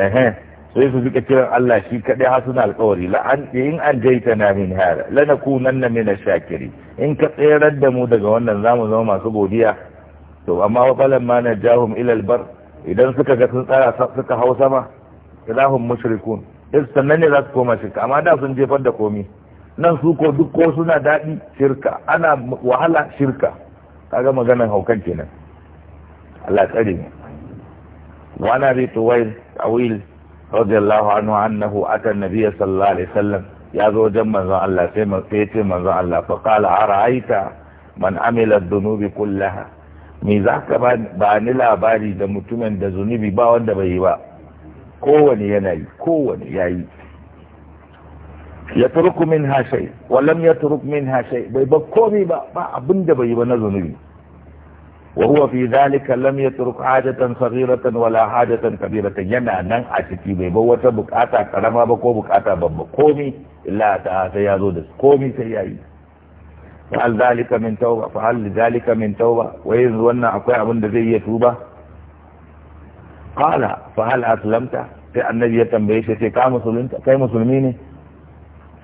ehe sai su rika kiran Allah shi kaɗai har suna alƙawari la'an in an jaita na min hada lanakunanna min shakiri in ka tserar da mu daga wannan zamu zama masu godiya to amma wa falan ma jahum ila albar idan suka ga sun tsara suka hau sama ilahum mushrikun in sannan ne za su koma shirka amma da sun jefar da komi nan su ko duk ko suna daɗi shirka ana wahala shirka kaga maganar haukan kenan Allah tsare mu wa ana bi tuwail tawil radiyallahu anhu annahu ata nabiyya sallallahu alaihi wasallam ya zo wajen manzon Allah sai man sai ce manzon Allah fa qala ara'aita man amila dunubi kullaha me zaka ba ni labari da mutumin da zunubi ba wanda bai yi ba kowane yanayi kowane yayi ya turku min hashai walam ya turku min hashai bai ba komi ba ba abinda bai yi ba na zunubi وهو في ذلك لم يترك حاجة صغيرة ولا حاجة كبيرة yana nan a ciki bai bar wata bukata karama ba ko bukata babba komi illa ta sai ya zo da komi sai yayi fa'al zalika min tauba fa'al wai yanzu wannan akwai abin da zai iya tuba qala fa'al aslamta sai annabi ya tambaye shi sai ka musulunta kai musulmi ne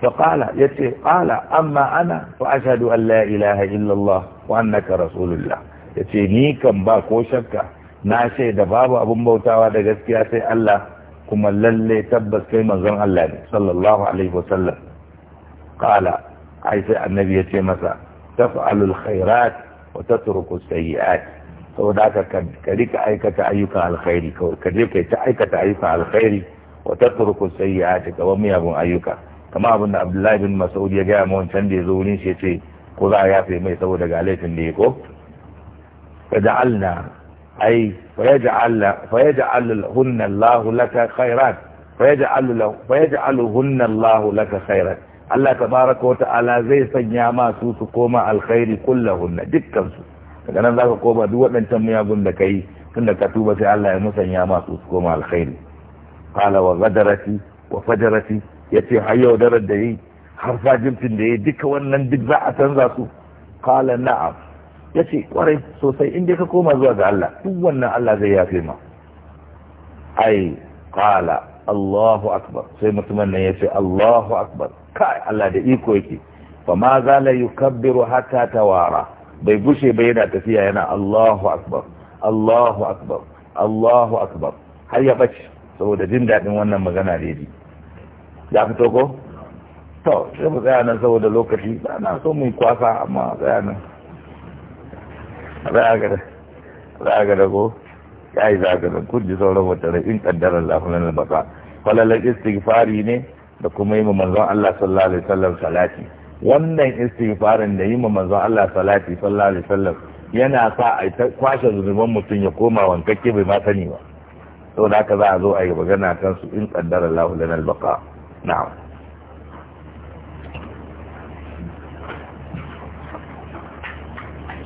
fa yace qala amma ana fa ashhadu an la ilaha illa allah wa annaka rasulullah ya ce ni kan ba ko shakka na shaida babu abin bautawa da gaskiya sai Allah kuma lalle tabbas kai manzon Allah ne sallallahu alaihi wasallam qala ai sai annabi ya ce masa taf'alul khairat wa tatruku sayyi'at saboda haka ka rika aikata ayyukan alkhairi ka je kai ta aikata ayyukan alkhairi wa tatruku sayyi'at ka wa miyagun ayyuka kama abin da Abdullahi bin Mas'ud ya ga mu wancan da ya zo wurin shi ya ce ko za a yafe mai saboda ga laifin da ya ko فجعلنا أي فيجعل فيجعلهن الله لك خيرات فيجعل له فيجعلهن الله لك خيرات الله تبارك وتعالى زي سنيا ما su su koma alkhairi kullahunna dukkan su daga nan zaka koma duk waɗancan miyagun da kai tunda ka tuba sai Allah ya musanya ma su su koma alkhairi qala wa ghadarati wa fajarati yace har yau darar da yi har fajirtin duka wannan duk za a canza su qala na'am ya ce kwarai sosai inda ka koma zuwa ga Allah duk wannan Allah zai yafe ma ai kala Allahu akbar sai mutumin nan ya ce Allahu akbar kai Allah da iko yake fa ma zala yukabbiru hatta tawara bai gushe ba yana tafiya yana Allahu akbar Allahu akbar Allahu akbar har ya bace saboda jin dadin wannan magana da yaji ya fito ko to sai mu tsaya nan saboda lokaci ba na so mu kwasa amma tsaya nan za ga ko ya yi za ga dago ji sauran wata in kaddara lafunan albasa falalar istighfari ne da kuma yi ma manzon Allah sallallahu alaihi wasallam salati wannan istighfarin da yi ma manzon Allah salati sallallahu alaihi wasallam yana sa a kwashe zunuban mutum ya koma wankakke bai ma sani ba saboda haka za a zo a yi magana kan su in kaddara Allahu lana al na'am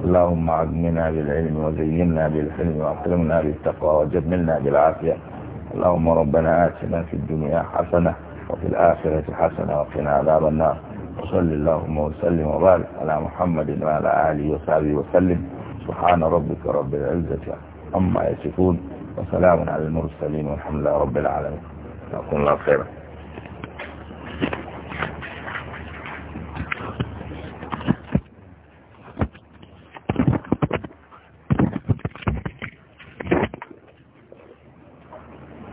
اللهم عدمنا بالعلم وزينا بالحلم وأكرمنا بالتقوى وجملنا بالعافية اللهم ربنا آتنا في الدنيا حسنة وفي الآخرة حسنة وقنا عذاب النار وصل اللهم وسلم وبارك على محمد وعلى آله وصحبه وسلم سبحان ربك رب العزة عما يصفون وسلام على المرسلين والحمد لله رب العالمين جزاكم الله خيرا